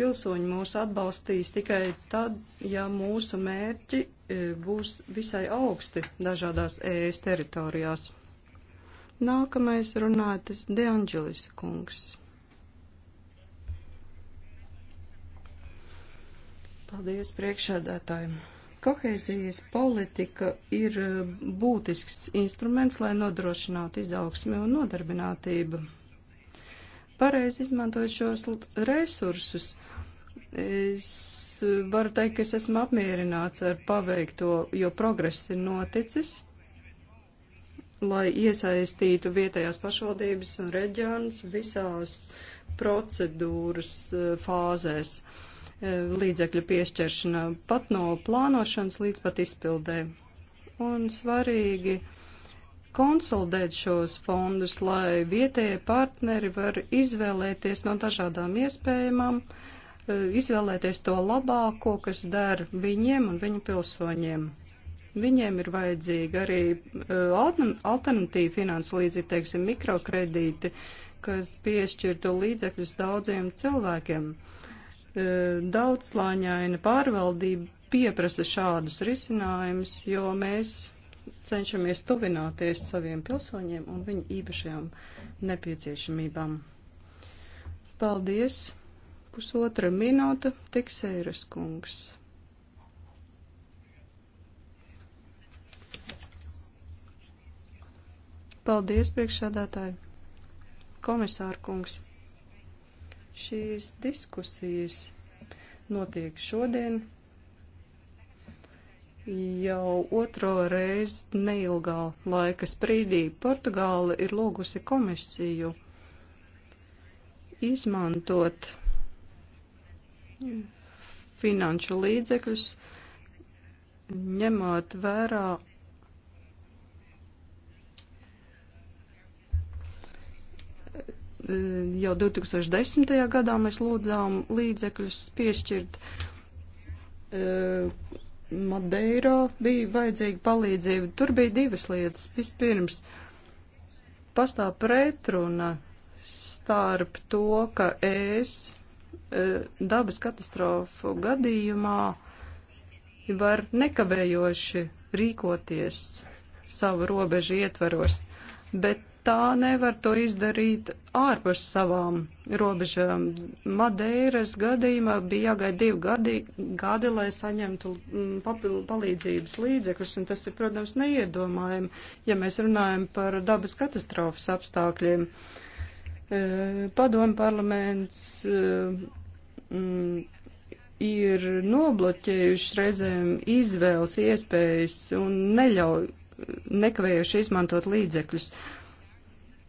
pilsoņi mūs atbalstīs tikai tad, ja mūsu mērķi e, būs visai augsti dažādās ES teritorijās. Nākamais runātis Deangelis kungs. Paldies priekšādātājiem. Kohēzijas politika ir eh, būtisks instruments, lai nodrošinātu izaugsmi un nodarbinātību. Pareizi izmantojot šos resursus, es varu teikt, ka es esmu apmierināts ar paveikto, jo progress ir noticis, lai iesaistītu vietējās pašvaldības un reģionus visās procedūras eh, fāzēs. Uh, E, līdzekļu piešķiršana pat no plānošanas līdz pat izpildē. Un svarīgi konsolidēt šos fondus, lai vietējie partneri var izvēlēties no dažādām iespējamām, e, izvēlēties to labāko, kas der viņiem un viņu pilsoņiem. Viņiem ir vajadzīga arī e, alternatīva finansu līdzīgi, teiksim, mikrokredīti, kas piešķirtu līdzekļus daudziem cilvēkiem. Uh, E, daudzslāņaina pārvaldība pieprasa šādus risinājumus, jo mēs cenšamies tuvināties saviem pilsoņiem un viņu īpašajām nepieciešamībām. Paldies! Pusotra minūte tiksēras kungs. Paldies, priekšsādātāji! Komisāra kungs! Šīs diskusijas notiek šodien jau otro reizi neilgā laika sprīdī. Portugāla ir lūgusi komisiju izmantot finanšu līdzekļus, ņemot vērā jau 2010. gadā mēs lūdzām līdzekļus piešķirt. E, Madeiro bija vajadzīga palīdzība. Tur bija divas lietas. Vispirms pastāv pretruna starp to, ka es e, dabas katastrofu gadījumā var nekavējoši rīkoties savu robežu ietvaros, bet tā nevar to izdarīt ārpus savām robežām. Madeiras gadījumā bija jāgaida divi gadi, gadi lai saņemtu mm, papildu palīdzības līdzekļus, un tas ir, protams, neiedomājami, ja mēs runājam par dabas katastrofas apstākļiem. E, Padomu parlaments e, m, mm, ir nobloķējuši reizēm izvēles iespējas un neļauj nekavējuši izmantot līdzekļus. Uh,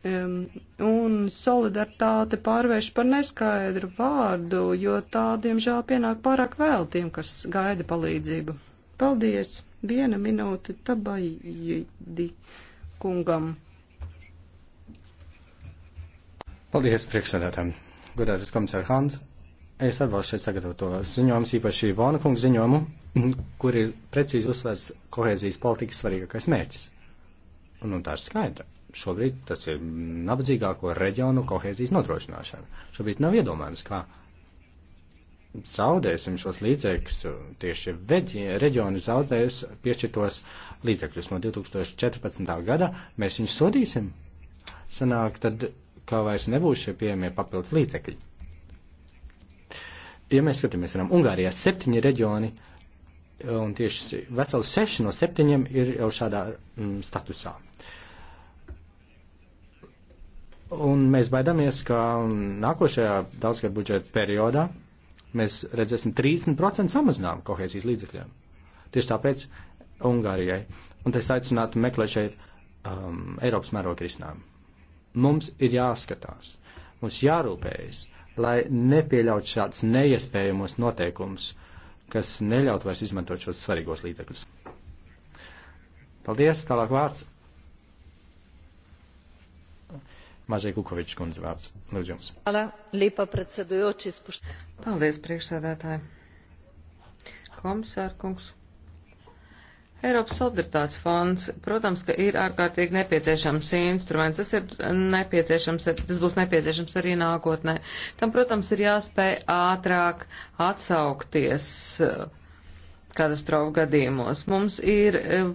Um, un solidaritāte pārvērš par neskaidru vārdu, jo tā, diemžēl, pienāk pārāk vēl tiem, kas gaida palīdzību. Paldies! Viena minūte tabaidi kungam. Paldies, priekšsēdētājiem! Godātais komisār Hans, es atbalstu šeit sagatavoto ziņojumu, īpaši Vona kungu ziņojumu, kur ir precīzi uzsvērts kohēzijas politikas svarīgākais mērķis. Un, un tā ir skaidra šobrīd tas ir nabadzīgāko reģionu kohēzijas nodrošināšana. Šobrīd nav iedomājams, kā zaudēsim šos līdzekļus, tieši veģi, reģionu zaudējus piešķirtos līdzekļus no 2014. gada, mēs viņus sodīsim. Sanāk tad, kā vairs nebūs šie pieejamie papildus līdzekļi. Ja mēs skatāmies, varam, Ungārijā septiņi reģioni, un tieši veseli seši no septiņiem ir jau šādā mm, statusā. Un mēs baidāmies, ka nākošajā daudzgad budžeta periodā mēs redzēsim 30% samazinājumu kohēzijas līdzekļiem. Tieši tāpēc Ungārijai. Un es aicinātu meklēt šeit um, Eiropas mēroga risinājumu. Mums ir jāskatās, mums jārūpējas, lai nepieļaut šādus neiespējamos noteikumus, kas neļaut vairs izmantot šos svarīgos līdzekļus. Paldies, tālāk vārds Mažai Kukovičs kundze vārds. Lūdzu jums. Paldies, priekšsēdētāji. Komisārkungs. Eiropas solidaritātes fonds, protams, ka ir ārkārtīgi nepieciešams instruments. Tas ir nepieciešams, tas būs nepieciešams arī nākotnē. Tam, protams, ir jāspēj ātrāk atsaukties eh, katastrofu gadījumos. Mums ir eh,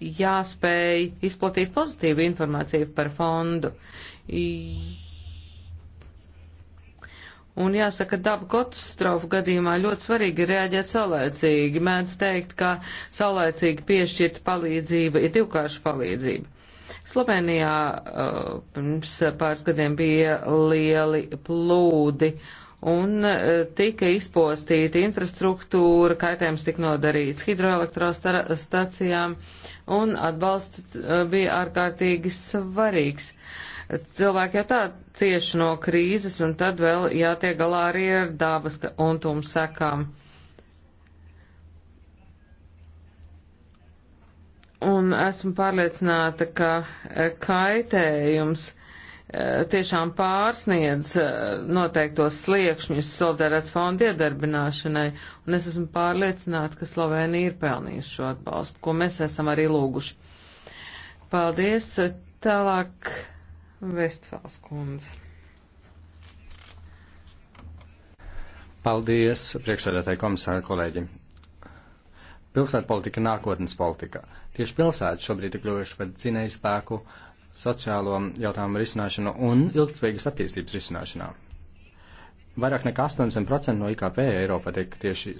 jāspēj izplatīt pozitīvu informāciju par fondu. Un jāsaka, daba katastrofu gadījumā ļoti svarīgi ir reaģēt saulēcīgi. Mēdz teikt, ka saulēcīgi piešķirta palīdzība ir divkārša palīdzība. Slovenijā uh, pirms pāris gadiem bija lieli plūdi un uh, tika izpostīta infrastruktūra, kaitējums tika nodarīts hidroelektrostacijām, un atbalsts uh, bija ārkārtīgi svarīgs. Cilvēki jau tā cieši no krīzes, un tad vēl jātiek galā arī ar dabas un tum sekām. Un esmu pārliecināta, ka eh, kaitējums Eh, tiešām pārsniedz eh, noteiktos sliekšņus Solderats fonda iedarbināšanai, un es esmu pārliecināta, ka Slovēnija ir pelnījusi šo atbalstu, ko mēs esam arī lūguši. Paldies! Eh, tālāk Vestfāls kundze. Paldies, priekšsēdētāji komisāri, kolēģi. Pilsētpolitika nākotnes politika. Tieši pilsētas šobrīd ir kļuvuši par dzinēju spēku uh, sociālo jautājumu risināšanu un ilgspējīgas attīstības risināšanā. Vairāk nekā 80% no IKP Eiropā tiek tieši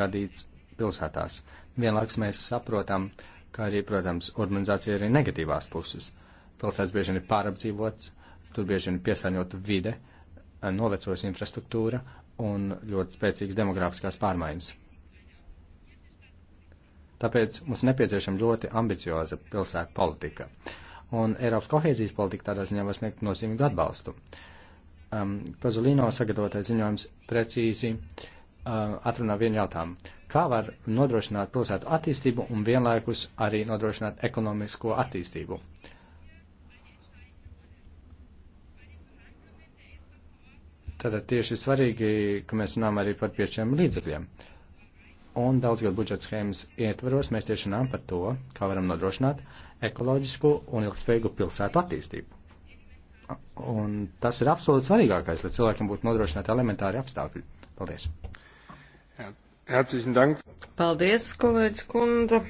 radīts pilsētās. Vienlaikus mēs saprotam, ka arī, protams, urbanizācija ir arī negatīvās puses. Pilsētas bieži ir pārapdzīvots, tur bieži ir piesārņota vide, novecojas infrastruktūra un ļoti spēcīgas demografiskās pārmaiņas. Tāpēc mums nepieciešama ļoti ambicioza pilsēta politika. Uh, un Eiropas kohēzijas politika tādā ziņā var sniegt nozīmīgu atbalstu. Um, Pazulīno sagatavotais ziņojums precīzi uh, atrunā vienu jautājumu. Kā var nodrošināt pilsētu attīstību un vienlaikus arī nodrošināt ekonomisko attīstību? Tātad tieši svarīgi, ka mēs runājam arī par piešķiem līdzekļiem. Un daudzgad budžeta schēmas ietvaros mēs tieši runājam par to, kā varam nodrošināt uh, ekoloģisku un ilgspējīgu pilsētu attīstību. Un tas ir absolūti svarīgākais, lai cilvēkiem būtu nodrošināti elementāri apstākļi. Paldies! Herzlichen Dank! Paldies, kolēģis kundze!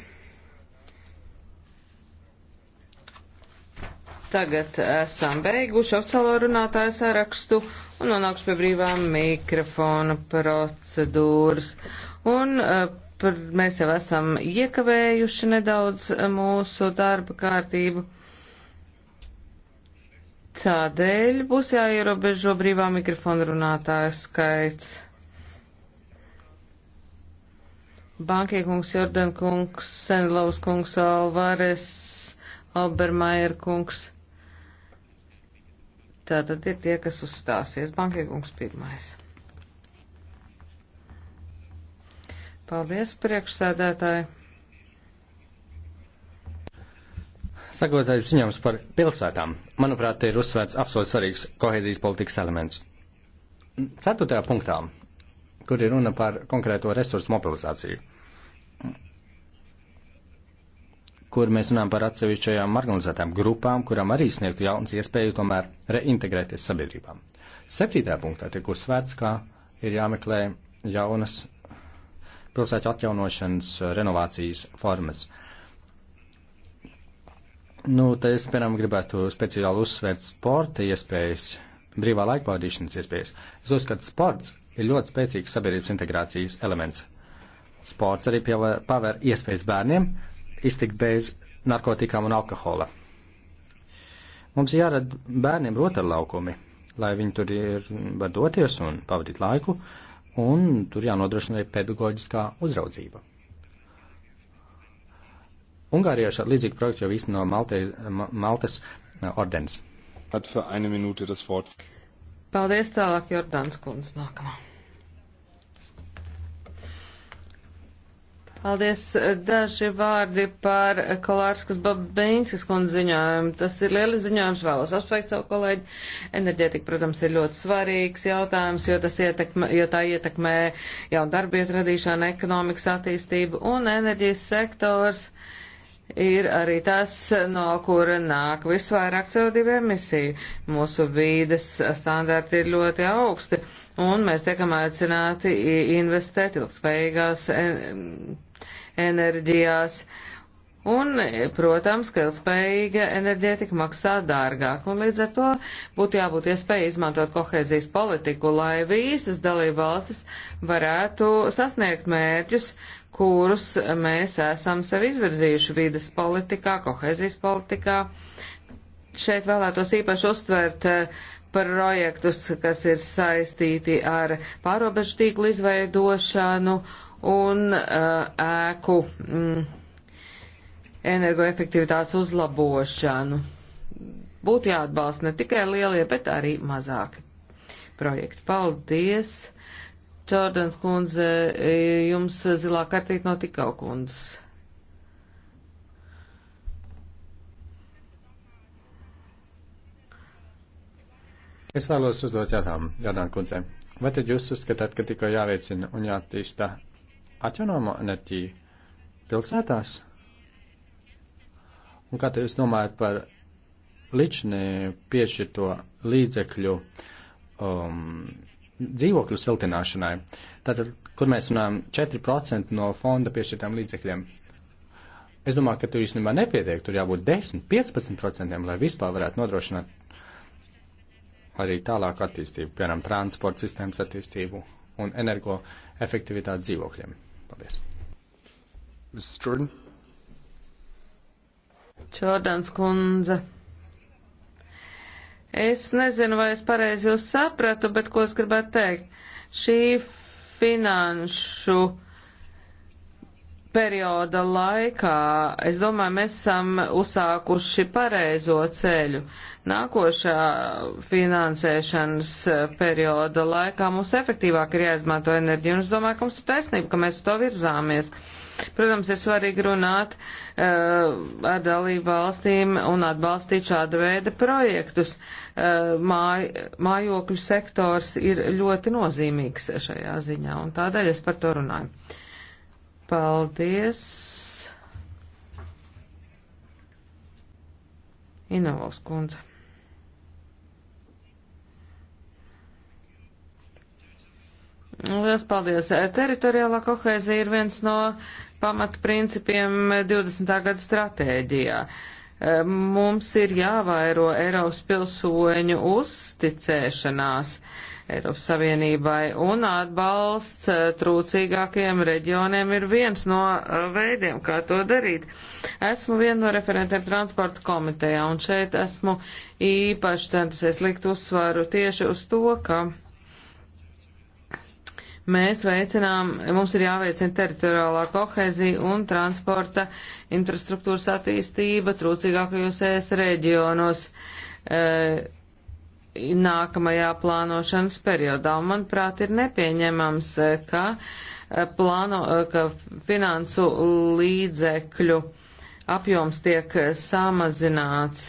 Tagad esam beiguši oficiālo runātāju sarakstu un nonāks pie brīvā mikrofona procedūras. Un, uh, mēs jau esam iekavējuši nedaudz mūsu darba kārtību. Tādēļ būs jāierobežo brīvā mikrofona runātāja skaits. Bankiekungs, Jordankungs, Senlovs kungs, Alvares, Obermaier kungs. Tātad ir tie, kas uzstāsies. Bankiekungs pirmais. Paldies, priekšsēdētāji! Sagatavotais ziņojums par pilsētām, manuprāt, ir uzsvērts absolūti svarīgs kohēzijas politikas elements. Ceturtajā punktā, kur ir runa par konkrēto resursu mobilizāciju, kur mēs runājam par atsevišķajām marginalizētām grupām, kurām arī sniegtu jaunas iespēju tomēr reintegrēties sabiedrībām. Septītajā punktā tiek uzsvērts, ka ir jāmeklē jaunas pilsētu atjaunošanas renovācijas formas. Nu, te es, piemēram, gribētu speciāli uzsvērt sporta iespējas, brīvā laika pavadīšanas iespējas. Es uzskatu, sports ir ļoti spēcīgs sabiedrības integrācijas elements. Sports arī paver iespējas bērniem iztikt bez narkotikām un alkohola. Mums jārada bērniem rotaļlaukumi, lai viņi tur ir, var doties un pavadīt laiku, uh, un tur jānodrošina arī pedagoģiskā uzraudzība. Ungārijā šādu līdzīgu projektu jau īsteno Malte, Maltas eh, ordens. Paldies tālāk, Jordāns Kundze, nākamā. Paldies. Eh, daži vārdi par Kolārskas Babīnskas kundzi ziņojumu. Tas ir lielis ziņojums, vēlos apsveikt savu kolēģi. Enerģētika, protams, ir ļoti svarīgs jautājums, jo, tas ietekmē, jo tā ietekmē jau darbiet radīšanu, ekonomikas attīstību un enerģijas sektors ir arī tas, no kura nāk visvairāk CO2 emisiju. Mūsu vīdes standarti ir ļoti augsti un mēs tiekam aicināti investēt ilgspējīgās. En enerģijās. Un, protams, ka ilgspējīga enerģētika maksā dārgāk, un līdz ar to būtu jābūt iespēja izmantot kohēzijas politiku, lai visas dalībvalstis varētu sasniegt mērķus, kurus mēs esam sev izvirzījuši vides politikā, kohēzijas politikā. Šeit vēlētos īpaši uztvert eh, projektus, kas ir saistīti ar pārobežu tīklu izveidošanu un uh, ēku mm, energoefektivitātes uzlabošanu. Būtu jāatbalsta ne tikai lielie, bet arī mazāki projekti. Paldies! Čordans kundze, jums zilā kartīt no tikau kundzes. Es vēlos uzdot jautājumu Jānā kundzei. Vai tad jūs uzskatāt, ka tikko jāveicina un jātīsta atjaunojamo enerģiju pilsētās? Un kā jūs domājat par līdšanai piešķirto līdzekļu um, dzīvokļu siltināšanai? Tātad, kur mēs runājam, 4% no fonda piešķirtām līdzekļiem. Es domāju, ka tur īstenībā nepietiek, tur jābūt 10-15%, lai vispār varētu nodrošināt arī tālāku attīstību, piemēram, transporta sistēmas attīstību un energoefektivitāti dzīvokļiem. Paldies. Mrs. Jordan. Čordans kundze. Es nezinu, vai es pareizi jūs sapratu, bet ko es gribētu teikt. Šī finanšu perioda laikā, es domāju, mēs esam uzsākuši pareizo ceļu. Nākošā finansēšanas perioda laikā mums efektīvāk ir jāizmanto enerģija, un es domāju, ka mums ir taisnība, ka mēs uz to virzāmies. Protams, ir svarīgi runāt uh, ar dalību valstīm un atbalstīt šāda veida projektus. Uh, māj, mājokļu sektors ir ļoti nozīmīgs šajā ziņā, un tādēļ es par to runāju. Paldies. Inovas kundze. Liels paldies! Teritoriālā kohēzija ir viens no pamatprincipiem 20. gada stratēģijā. Mums ir jāvairo Eiropas pilsoņu uzticēšanās. Uh, Eiropas Savienībai, un atbalsts eh, trūcīgākajiem reģioniem ir viens no eh, veidiem, kā to darīt. Esmu viena no referentiem transporta komitejā, un šeit esmu īpaši centusies likt uzsvaru tieši uz to, ka mēs veicinām, mums ir jāveicina teritoriālā kohezija un transporta infrastruktūras attīstība trūcīgākajos ES reģionos. Uh, nākamajā plānošanas periodā. Un, manuprāt, ir nepieņemams, ka, eh, plāno, eh, ka finansu līdzekļu apjoms tiek samazināts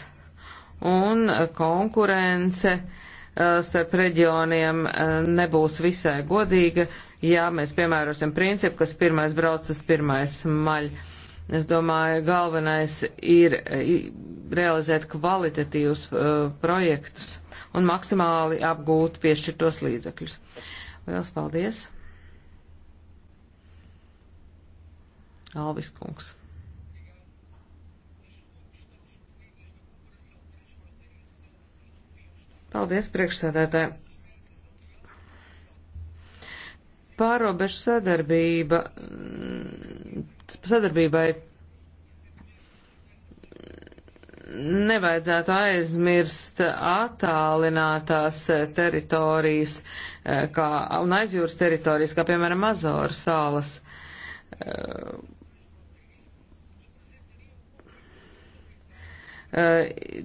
un konkurence eh, starp reģioniem nebūs visai godīga, ja mēs piemērosim principu, kas pirmais brauc, tas pirmais maļ. Es domāju, galvenais ir realizēt kvalitatīvus projektus un maksimāli apgūt piešķirtos līdzekļus. Lielas paldies! Alvis Kungs. Paldies, priekšsēdētāji! Pārobežu sadarbība, sadarbībai nevajadzētu aizmirst attālinātās teritorijas eh, kā, un aizjūras teritorijas, kā piemēram Azoru salas. Eh,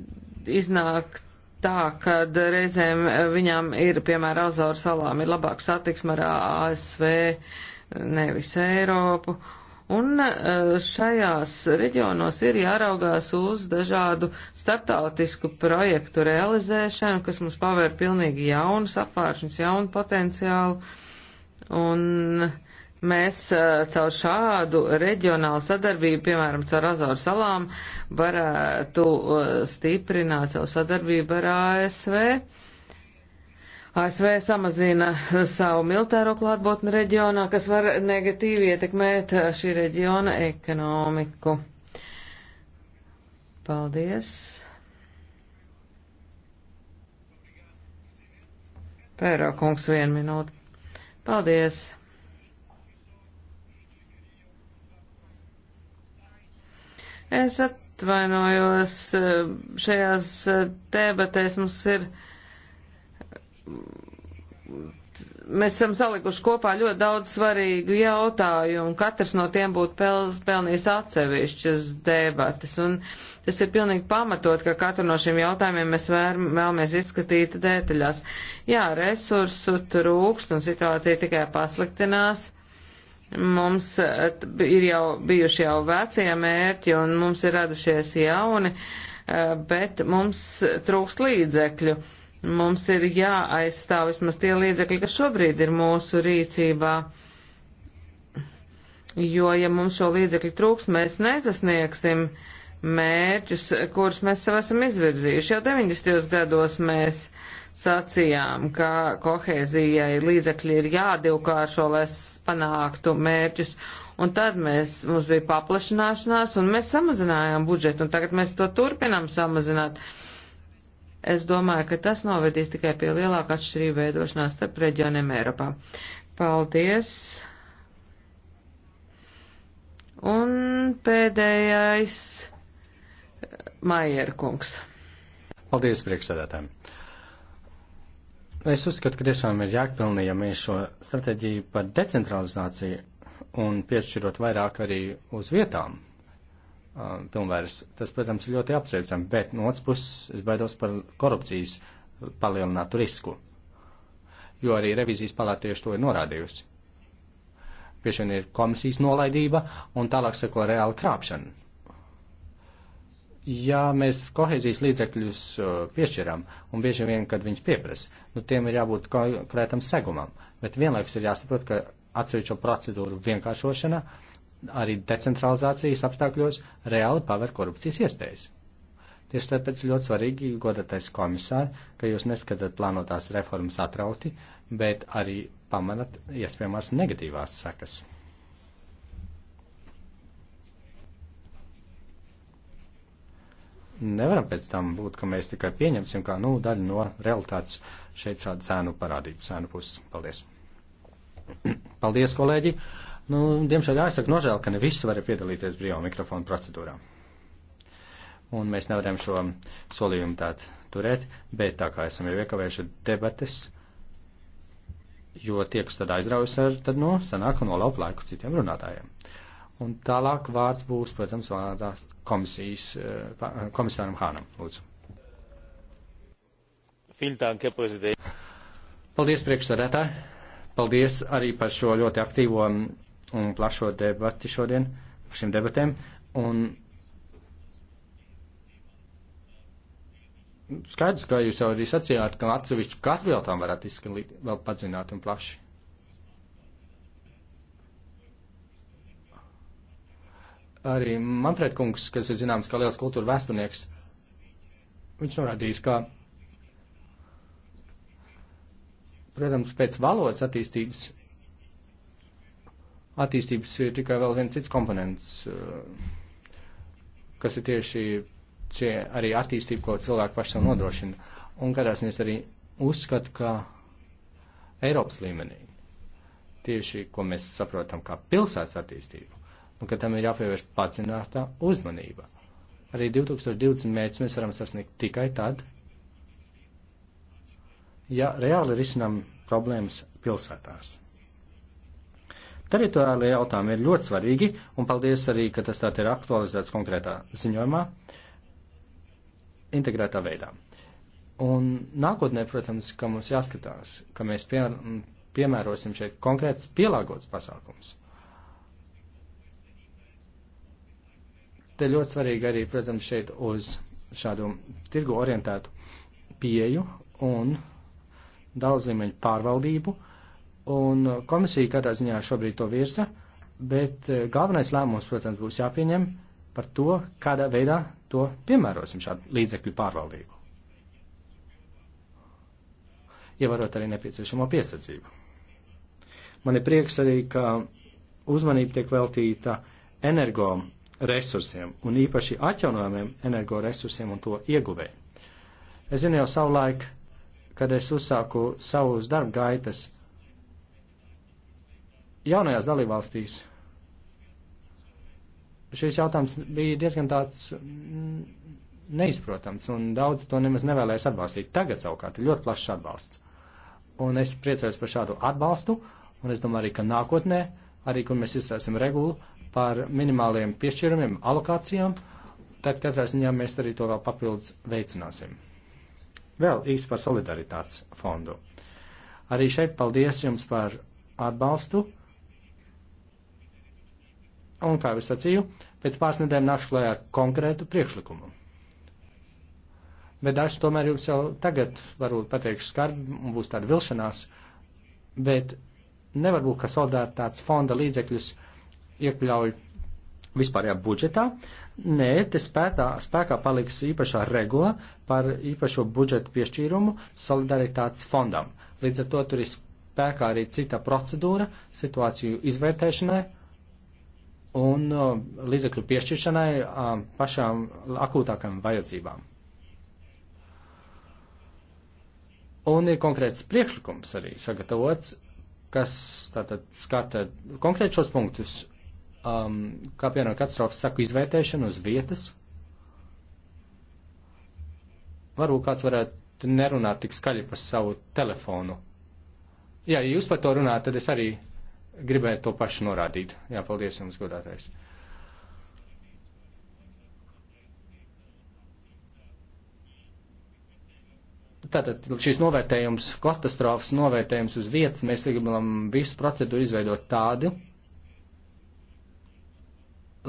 iznāk tā, ka reizēm viņām ir, piemēram, Azoru salām ir labāk satiksme ar ASV, nevis Eiropu. Uh, Un eh, šajās reģionos ir jāraugās uz dažādu startautisku projektu realizēšanu, kas mums pavēr pilnīgi jaunus apvāršanas, jaunu potenciālu. Un mēs eh, caur šādu reģionālu sadarbību, piemēram, caur Azoru salām, varētu eh, stiprināt savu sadarbību ar ASV ASV samazina savu militāro klātbotni reģionā, kas var negatīvi ietekmēt šī reģiona ekonomiku. Paldies. Pērā kungs vienu minūti. Paldies. Es atvainojos šajās debatēs mums ir mēs esam salikuši kopā ļoti daudz svarīgu jautājumu, katrs no tiem būtu pel, pelnījis atsevišķas debatas, un tas ir pilnīgi pamatot, ka katru no šiem jautājumiem mēs vēr, vēlamies izskatīt detaļās. Jā, resursu trūkst, un situācija tikai pasliktinās. Mums eh, ir jau bijuši jau vecie mērķi, un mums ir radušies jauni, eh, bet mums trūkst līdzekļu Mums ir jāaizstāv vismaz tie līdzekļi, kas šobrīd ir mūsu rīcībā, jo, ja mums šo līdzekļu trūks, mēs nesasniegsim mērķus, kurus mēs sev esam izvirzījuši. Jau 90. gados mēs sacījām, ka kohēzijai līdzekļi ir jādivkāršo, lai panāktu mērķus, un tad mēs, mums bija paplašināšanās, un mēs samazinājām budžetu, un tagad mēs to turpinām samazināt. Uh, Es domāju, ka tas novedīs tikai pie lielāka atšķirība veidošanās starp reģioniem Eiropā. Paldies! Un pēdējais Maierkungs. Paldies, priekšsēdētājiem! Es uzskatu, ka tiešām ir jāpilnī, ja mēs šo stratēģiju par decentralizāciju un piešķirot vairāk arī uz vietām pilnvaras. Uh, tas, protams, ir ļoti apsveicami, bet no otras puses es baidos par korupcijas palielinātu risku, jo arī revizijas palāta tieši to ir norādījusi. Pieši vien ir komisijas nolaidība un tālāk seko reāla krāpšana. Ja mēs kohēzijas līdzekļus uh, piešķiram un bieži vien, kad viņš pieprasa, nu tiem ir jābūt konkrētam segumam, bet vienlaikus ir jāsaprot, ka atsevišķo procedūru vienkāršošana uh, arī decentralizācijas apstākļos reāli paver korupcijas iespējas. Tieši tāpēc ļoti svarīgi, godatais komisār, ka jūs neskatāt plānotās reformas atrauti, bet arī pamanat iespējamās negatīvās sekas. Nevaram pēc tam būt, ka mēs tikai pieņemsim kā nu, daļu no realitātes šeit šādu cēnu parādību, cēnu puses. Paldies! Paldies, kolēģi! Nu, diemžēl jāsaka nožēl, ka ne visi var piedalīties brīvā mikrofona procedūrā. Un mēs nevaram šo solījumu tādu turēt, bet tā kā esam jau iekavējuši debates, jo tie, kas tad aizraujas ar, tad, nu, sanāk un nolaup laiku citiem runātājiem. Un tālāk vārds būs, protams, vārdās komisijas, eh, eh, komisāram Hānam, lūdzu. Paldies, priekšsēdētāji! Paldies arī par šo ļoti aktīvo un plašo debati šodien par šīm debatēm. Un skaidrs, ka jūs jau arī sacījāt, ka atsevišķi katru jautājumu varētu izskanīt vēl padzināt un plaši. Arī Manfred Kungs, kas ir zināms kā liels kultūra vēsturnieks, viņš norādījis, ka, protams, pēc valodas attīstības attīstības ir tikai vēl viens cits komponents, eh, kas ir tieši šie arī attīstība, ko cilvēki paši sev nodrošina. Un kādās mēs arī uzskatu, ka Eiropas līmenī tieši, ko mēs saprotam kā pilsētas attīstību, un nu, ka tam ir jāpievērš padzinātā uzmanība. Arī 2020 mērķus mēs varam sasniegt tikai tad, ja reāli risinām problēmas pilsētās. Teritoriālajie jautājumi ir ļoti svarīgi, un paldies arī, ka tas tātad ir aktualizēts konkrētā ziņojumā, integrētā veidā. Un nākotnē, protams, ka mums jāskatās, ka mēs pie, piemērosim šeit konkrēts pielāgots pasākums. Te ļoti svarīgi arī, protams, šeit uz šādu tirgu orientētu pieju un daudz līmeņu pārvaldību Un komisija kādā ziņā šobrīd to virza, bet eh, galvenais lēmums, protams, būs jāpieņem par to, kādā veidā to piemērosim šādu līdzekļu pārvaldību. Ievarot arī nepieciešamo piesardzību. Man ir prieks arī, ka uzmanība tiek veltīta energo resursiem un īpaši atjaunojamiem energo resursiem un to ieguvēju. Es zinu jau savu laiku, kad es uzsāku savus darba gaitas jaunajās dalībvalstīs šis jautājums bija diezgan tāds neizprotams, un daudz to nemaz nevēlēs atbalstīt. Tagad savukārt ir ļoti plašs atbalsts. Un es priecājos par šādu atbalstu, un es domāju arī, ka nākotnē, arī kur mēs izstrāsim regulu par minimāliem piešķirumiem, alokācijām, tad katrā ziņā mēs arī to vēl papildus veicināsim. Vēl īsti par solidaritātes fondu. Arī šeit paldies jums par atbalstu Un, kā jau es sacīju, pēc pāris nedēļām nākšu klajā konkrētu priekšlikumu. Bet daži tomēr jums jau tagad, varbūt pateikšu skarbi, būs tāda vilšanās, bet nevar būt, ka solidaritātes fonda līdzekļus iekļauj vispārējā budžetā. Nē, te spētā, spēkā paliks īpašā regula par īpašo budžetu piešķīrumu solidaritātes fondam. Līdz ar to tur ir spēkā arī cita procedūra situāciju izvērtēšanai un uh, līdzekļu piešķiršanai uh, pašām akūtākām vajadzībām. Un ir konkrēts priekšlikums arī sagatavots, kas tātad skata konkrēt šos punktus, um, kā piemēram katastrofas saku izvērtēšanu uz vietas. Varbūt kāds varētu nerunāt tik skaļi par savu telefonu. Jā, ja jūs par to runājat, tad es arī gribēju to pašu norādīt. Jā, paldies jums, godātais. Tātad šīs novērtējums, katastrofas novērtējums uz vietas, mēs gribam visu procedūru izveidot tādu,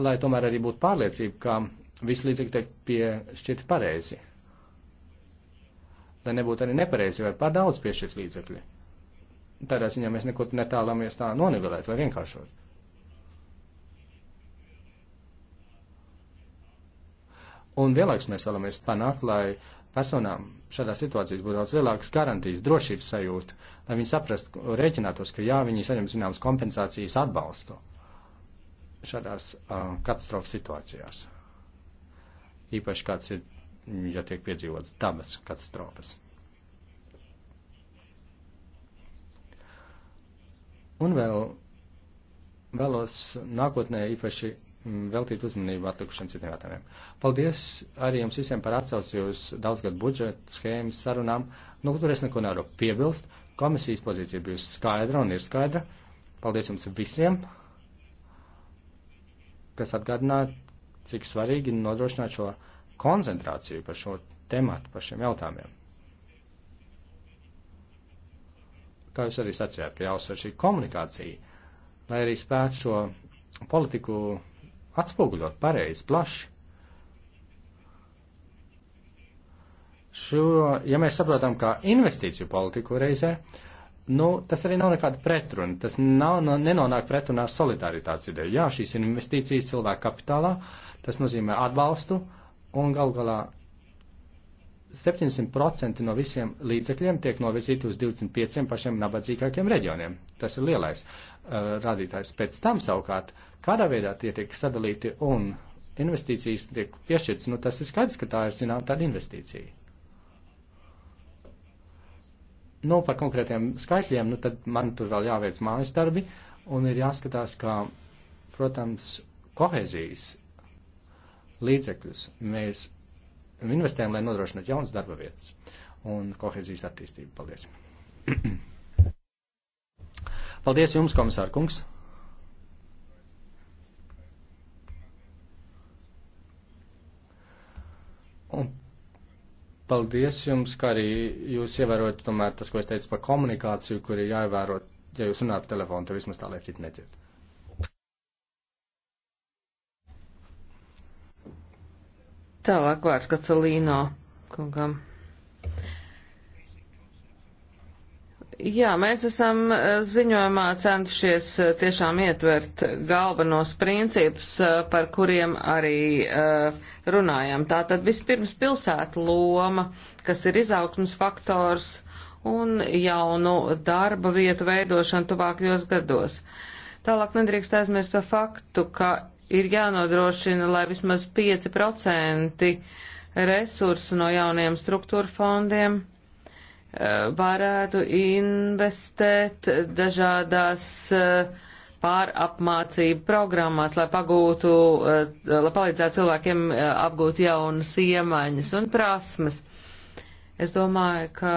lai tomēr arī būtu pārliecība, ka visi līdzekļi tiek piešķirti pareizi. Lai nebūtu arī nepareizi vai pārdaudz piešķirt līdzekļi tādā ziņā mēs neko netālamies tā nonivelēt vai vienkāršot. Un vienlaiks mēs vēlamies panākt, lai personām šādā situācijā būtu daudz lielākas garantijas, drošības sajūta, lai viņi saprastu, rēķinātos, ka jā, viņi saņem zināmas kompensācijas atbalstu šādās uh, katastrofas situācijās. Īpaši kāds ir, ja tiek piedzīvots dabas katastrofas. Un vēl vēlos nākotnē īpaši mm, veltīt uzmanību atlikušiem citiem jautājumiem. Paldies arī jums visiem par atsauci uz daudzgadu budžetu schēmas sarunām. Nu, tur es neko nevaru piebilst. Komisijas pozīcija bija skaidra un ir skaidra. Paldies jums visiem, kas atgādināja, cik svarīgi nodrošināt šo koncentrāciju par šo tematu, par šiem jautājumiem. kā jūs arī sacījāt, ka jāuzsver šī komunikācija, lai arī spētu šo politiku atspoguļot pareizi, plaši. Šo, ja mēs saprotam, kā investīciju politiku reizē, nu, tas arī nav nekāda pretruna, tas nav, nav, nenonāk pretrunā ar solidaritātes ideju. Jā, šīs investīcijas cilvēku kapitālā, tas nozīmē atbalstu un gal galā 700% no visiem līdzekļiem tiek novirzīti uz 25 pašiem nabadzīgākiem reģioniem. Tas ir lielais uh, rādītājs. Pēc tam savukārt, kādā veidā tie tiek sadalīti un investīcijas tiek piešķirts, nu tas ir skaidrs, ka tā ir, zinām, tāda investīcija. Nu, par konkrētiem skaitļiem, nu tad man tur vēl jāveic mājas darbi un ir jāskatās, ka, protams, kohezijas līdzekļus mēs investējam, lai nodrošinātu jaunas darba vietas un kohezijas attīstību. Paldies! Paldies jums, komisār kungs! Un paldies jums, ka arī jūs ievērojat tomēr tas, ko es teicu par komunikāciju, kur ir jāievēro, ja jūs runājat telefonu, tad vismaz tā, lai citi nedzird. Tālāk vārds Kacelīno kungam. Jā, mēs esam eh, ziņojumā centušies eh, tiešām ietvert galvenos principus, eh, par kuriem arī runājam. Tātad vispirms pilsētu loma, kas ir izaugsmas faktors un jaunu darba vietu veidošana tuvākajos gados. Tālāk nedrīkst aizmirst par faktu, ka ir jānodrošina, lai vismaz 5% resursu no jauniem struktūra fondiem eh, varētu investēt dažādās eh, pārapmācību programmās, lai pagūtu, eh, lai palīdzētu cilvēkiem apgūt jaunas iemaņas un prasmes. Es domāju, ka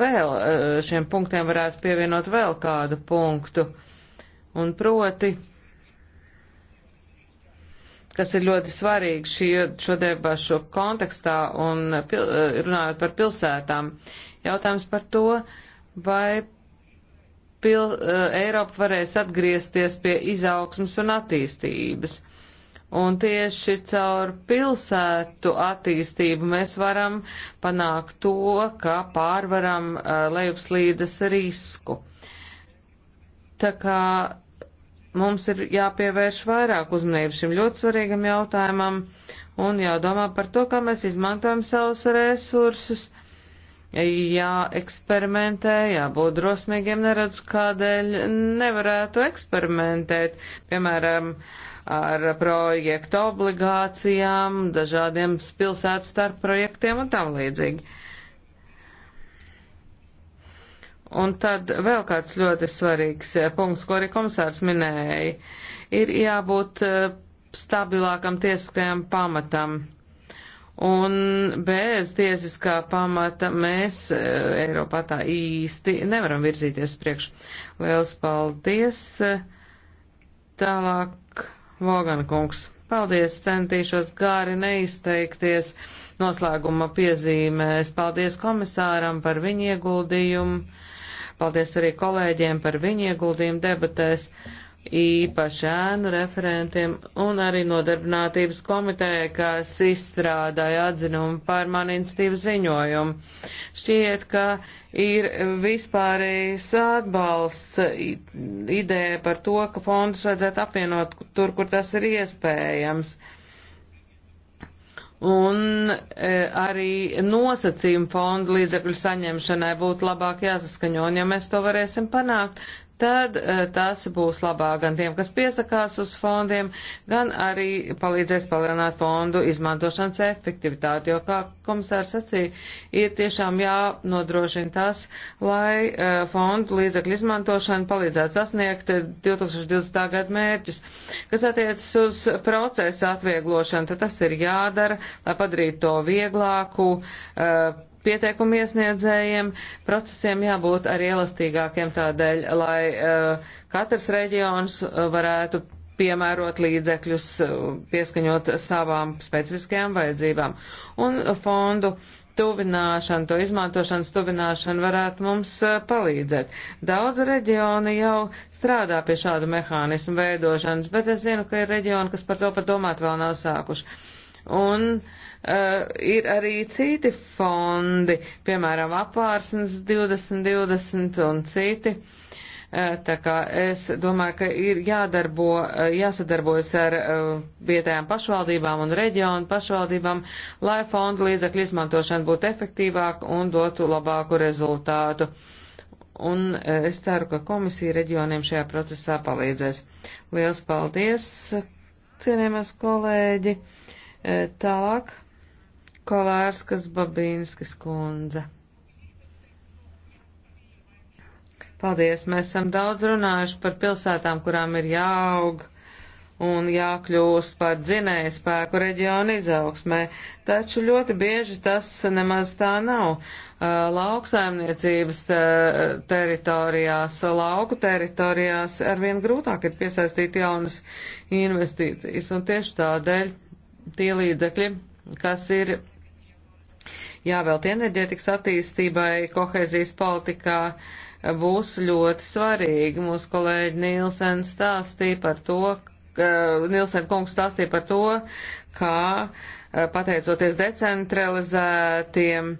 vēl šiem punktiem varētu pievienot vēl kādu punktu. Un proti, kas ir ļoti svarīgi šī, šo debašu kontekstā un pil, eh, runājot par pilsētām. Jautājums par to, vai pil, eh, Eiropa varēs atgriezties pie izaugsmas un attīstības. Un tieši caur pilsētu attīstību mēs varam panākt to, ka pārvaram uh, lejupslīdes risku. Tā kā mums ir jāpievērš vairāk uzmanības šim ļoti svarīgam jautājumam un jādomā par to, kā mēs izmantojam savus resursus, jāeksperimentē, jābūt drosmīgiem, neredz kādēļ nevarētu eksperimentēt, piemēram, ar projektu obligācijām, dažādiem pilsētu starp projektiem un tam līdzīgi. Un tad vēl kāds ļoti svarīgs eh, punkts, ko arī komisārs minēja, ir jābūt eh, stabilākam tiesiskajam pamatam. Un bez tiesiskā pamata mēs eh, Eiropā tā īsti nevaram virzīties priekš. Liels paldies! Tālāk Vogana kungs. Paldies, centīšos gāri neizteikties. Noslēguma piezīmēs. Paldies komisāram par viņu ieguldījumu Paldies arī kolēģiem par viņu ieguldījumu debatēs, īpaši ēnu referentiem un arī nodarbinātības komitējai, kas izstrādāja atzinumu par mani institīvu ziņojumu. Šķiet, ka ir vispārējais atbalsts ideja par to, ka fondus vajadzētu apvienot tur, kur tas ir iespējams. Uh, un e, arī nosacījumu fondu līdzekļu saņemšanai būtu labāk jāsaskaņo, un ja mēs to varēsim panākt, tad eh, tas būs labāk gan tiem, kas piesakās uz fondiem, gan arī palīdzēs palielināt fondu izmantošanas efektivitāti, jo, kā komisārs sacīja, ir tiešām jānodrošina tas, lai eh, fondu līdzekļu izmantošana palīdzētu sasniegt 2020. Eh, gada mērķus. Kas attiecas uz procesa atvieglošanu, tad tas ir jādara, lai padarītu to vieglāku, pieteikumu iesniedzējiem procesiem jābūt arī elastīgākiem tādēļ, lai uh, katrs reģions eh, varētu piemērot līdzekļus, eh, pieskaņot savām specifiskajām vajadzībām. Un fondu tuvināšana, to izmantošanas tuvināšana varētu mums palīdzēt. Daudz reģioni jau strādā pie šādu mehānismu veidošanas, bet es zinu, ka ir reģioni, kas par to pat domāt vēl nav sākuši. Uh, Un uh, ir arī citi fondi, piemēram, apvārsnes 2020 un citi. Uh, tā kā es domāju, ka ir jādarbo, uh, jāsadarbojas ar uh, vietējām pašvaldībām un reģionu pašvaldībām, lai fondu līdzekļu izmantošana būtu efektīvāka un dotu labāku rezultātu. Un es ceru, ka komisija reģioniem šajā procesā palīdzēs. Liels paldies, cienījamies kolēģi! E, tālāk, Kolārskas Babīnskas kundze. Paldies, mēs esam daudz runājuši par pilsētām, kurām ir jāaug un jākļūst par dzinēju spēku reģionu izaugsmē, taču ļoti bieži tas nemaz tā nav. E, lauksaimniecības e, teritorijās, lauku teritorijās arvien grūtāk ir piesaistīt jaunas investīcijas, un tieši tādēļ tie līdzekļi, kas ir jāvelta enerģētikas attīstībai, kohēzijas politikā, būs ļoti svarīgi. Mūsu kolēģi Nīlsen stāstīja par to, Nilsen kungs stāstīja par to, kā eh, pateicoties decentralizētiem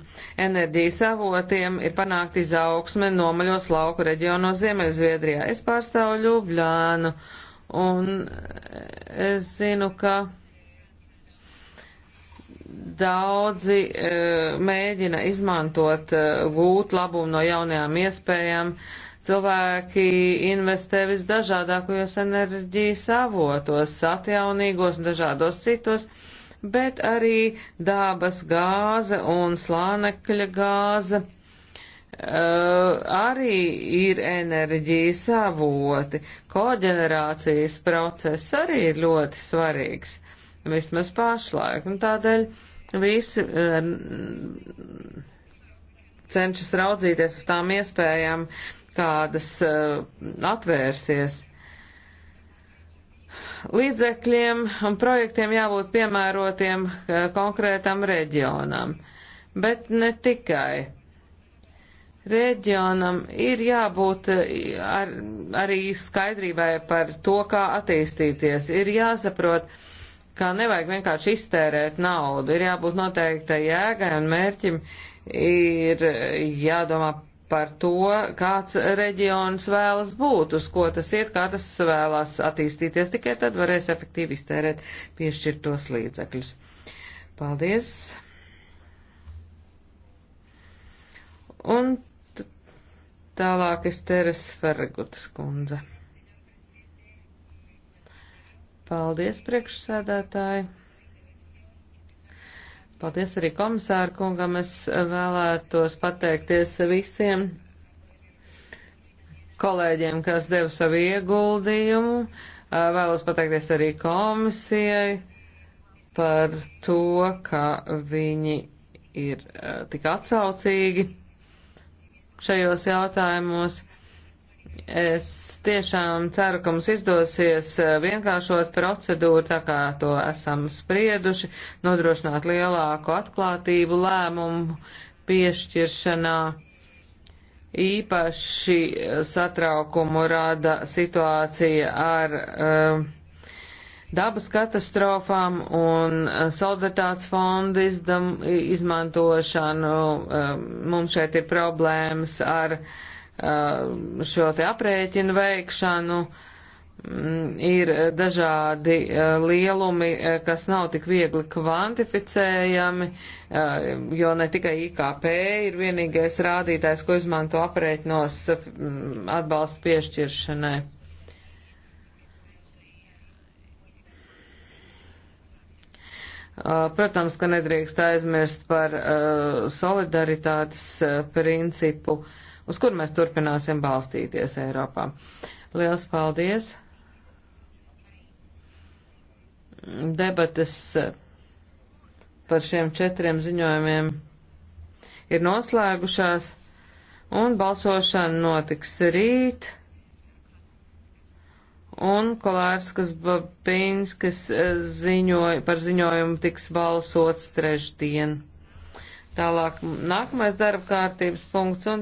enerģijas avotiem ir panākt izaugsme nomaļos lauku reģionos Ziemeļzviedrijā. Es pārstāvu Ljubļānu un eh, es zinu, ka Daudzi e, mēģina izmantot, e, gūt labumu no jaunajām iespējām. Cilvēki investē visdažādākajos enerģijas avotos, atjaunīgos un dažādos citos, bet arī dabas gāze un slānekļa gāze. Uh, arī ir enerģijas avoti. Koģenerācijas process arī ir ļoti svarīgs vismaz pašlaik, un tādēļ visi um, cenšas raudzīties uz tām iespējām, kādas uh, atvērsies. Līdzekļiem un projektiem jābūt piemērotiem uh, konkrētam reģionam, bet ne tikai. Reģionam ir jābūt eh, ar, arī skaidrībai par to, kā attīstīties. Ir jāsaprot, uh, ka nevajag vienkārši iztērēt naudu, ir jābūt noteiktai jēgai un mērķim, ir jādomā par to, kāds reģions vēlas būt, uz ko tas iet, kā tas vēlas attīstīties, tikai tad varēs efektīvi iztērēt piešķirtos līdzekļus. Paldies! Un tālāk es teres Fergutas kundze. Paldies, priekšsēdētāji. Paldies arī komisāru kungam. Es vēlētos pateikties visiem kolēģiem, kas deva savu ieguldījumu. Vēlos pateikties arī komisijai par to, ka viņi ir eh, tik atsaucīgi šajos jautājumos. Es tiešām ceru, ka mums izdosies e, vienkāršot procedūru, tā kā to esam sprieduši, nodrošināt lielāku atklātību lēmumu piešķiršanā. Īpaši e, satraukumu rada situācija ar uh, dabas katastrofām un solidaritātes fonda izdam, izmantošanu. Uh, mums šeit ir problēmas ar uh, Uh, šo te aprēķinu veikšanu. Mm, ir dažādi uh, lielumi, uh, kas nav tik viegli kvantificējami, jo ne tikai IKP ir vienīgais rādītājs, ko izmanto aprēķinos mm, atbalsta piešķiršanai. Protams, ka nedrīkst aizmirst par solidaritātes principu uz kur mēs turpināsim balstīties Eiropā. Liels paldies! Debates par šiem četriem ziņojumiem ir noslēgušās, un balsošana notiks rīt un Kolārskas Babinskas eh, ziņoj, par ziņojumu tiks balsots trešdien. Tālāk nākamais darba kārtības punkts. Un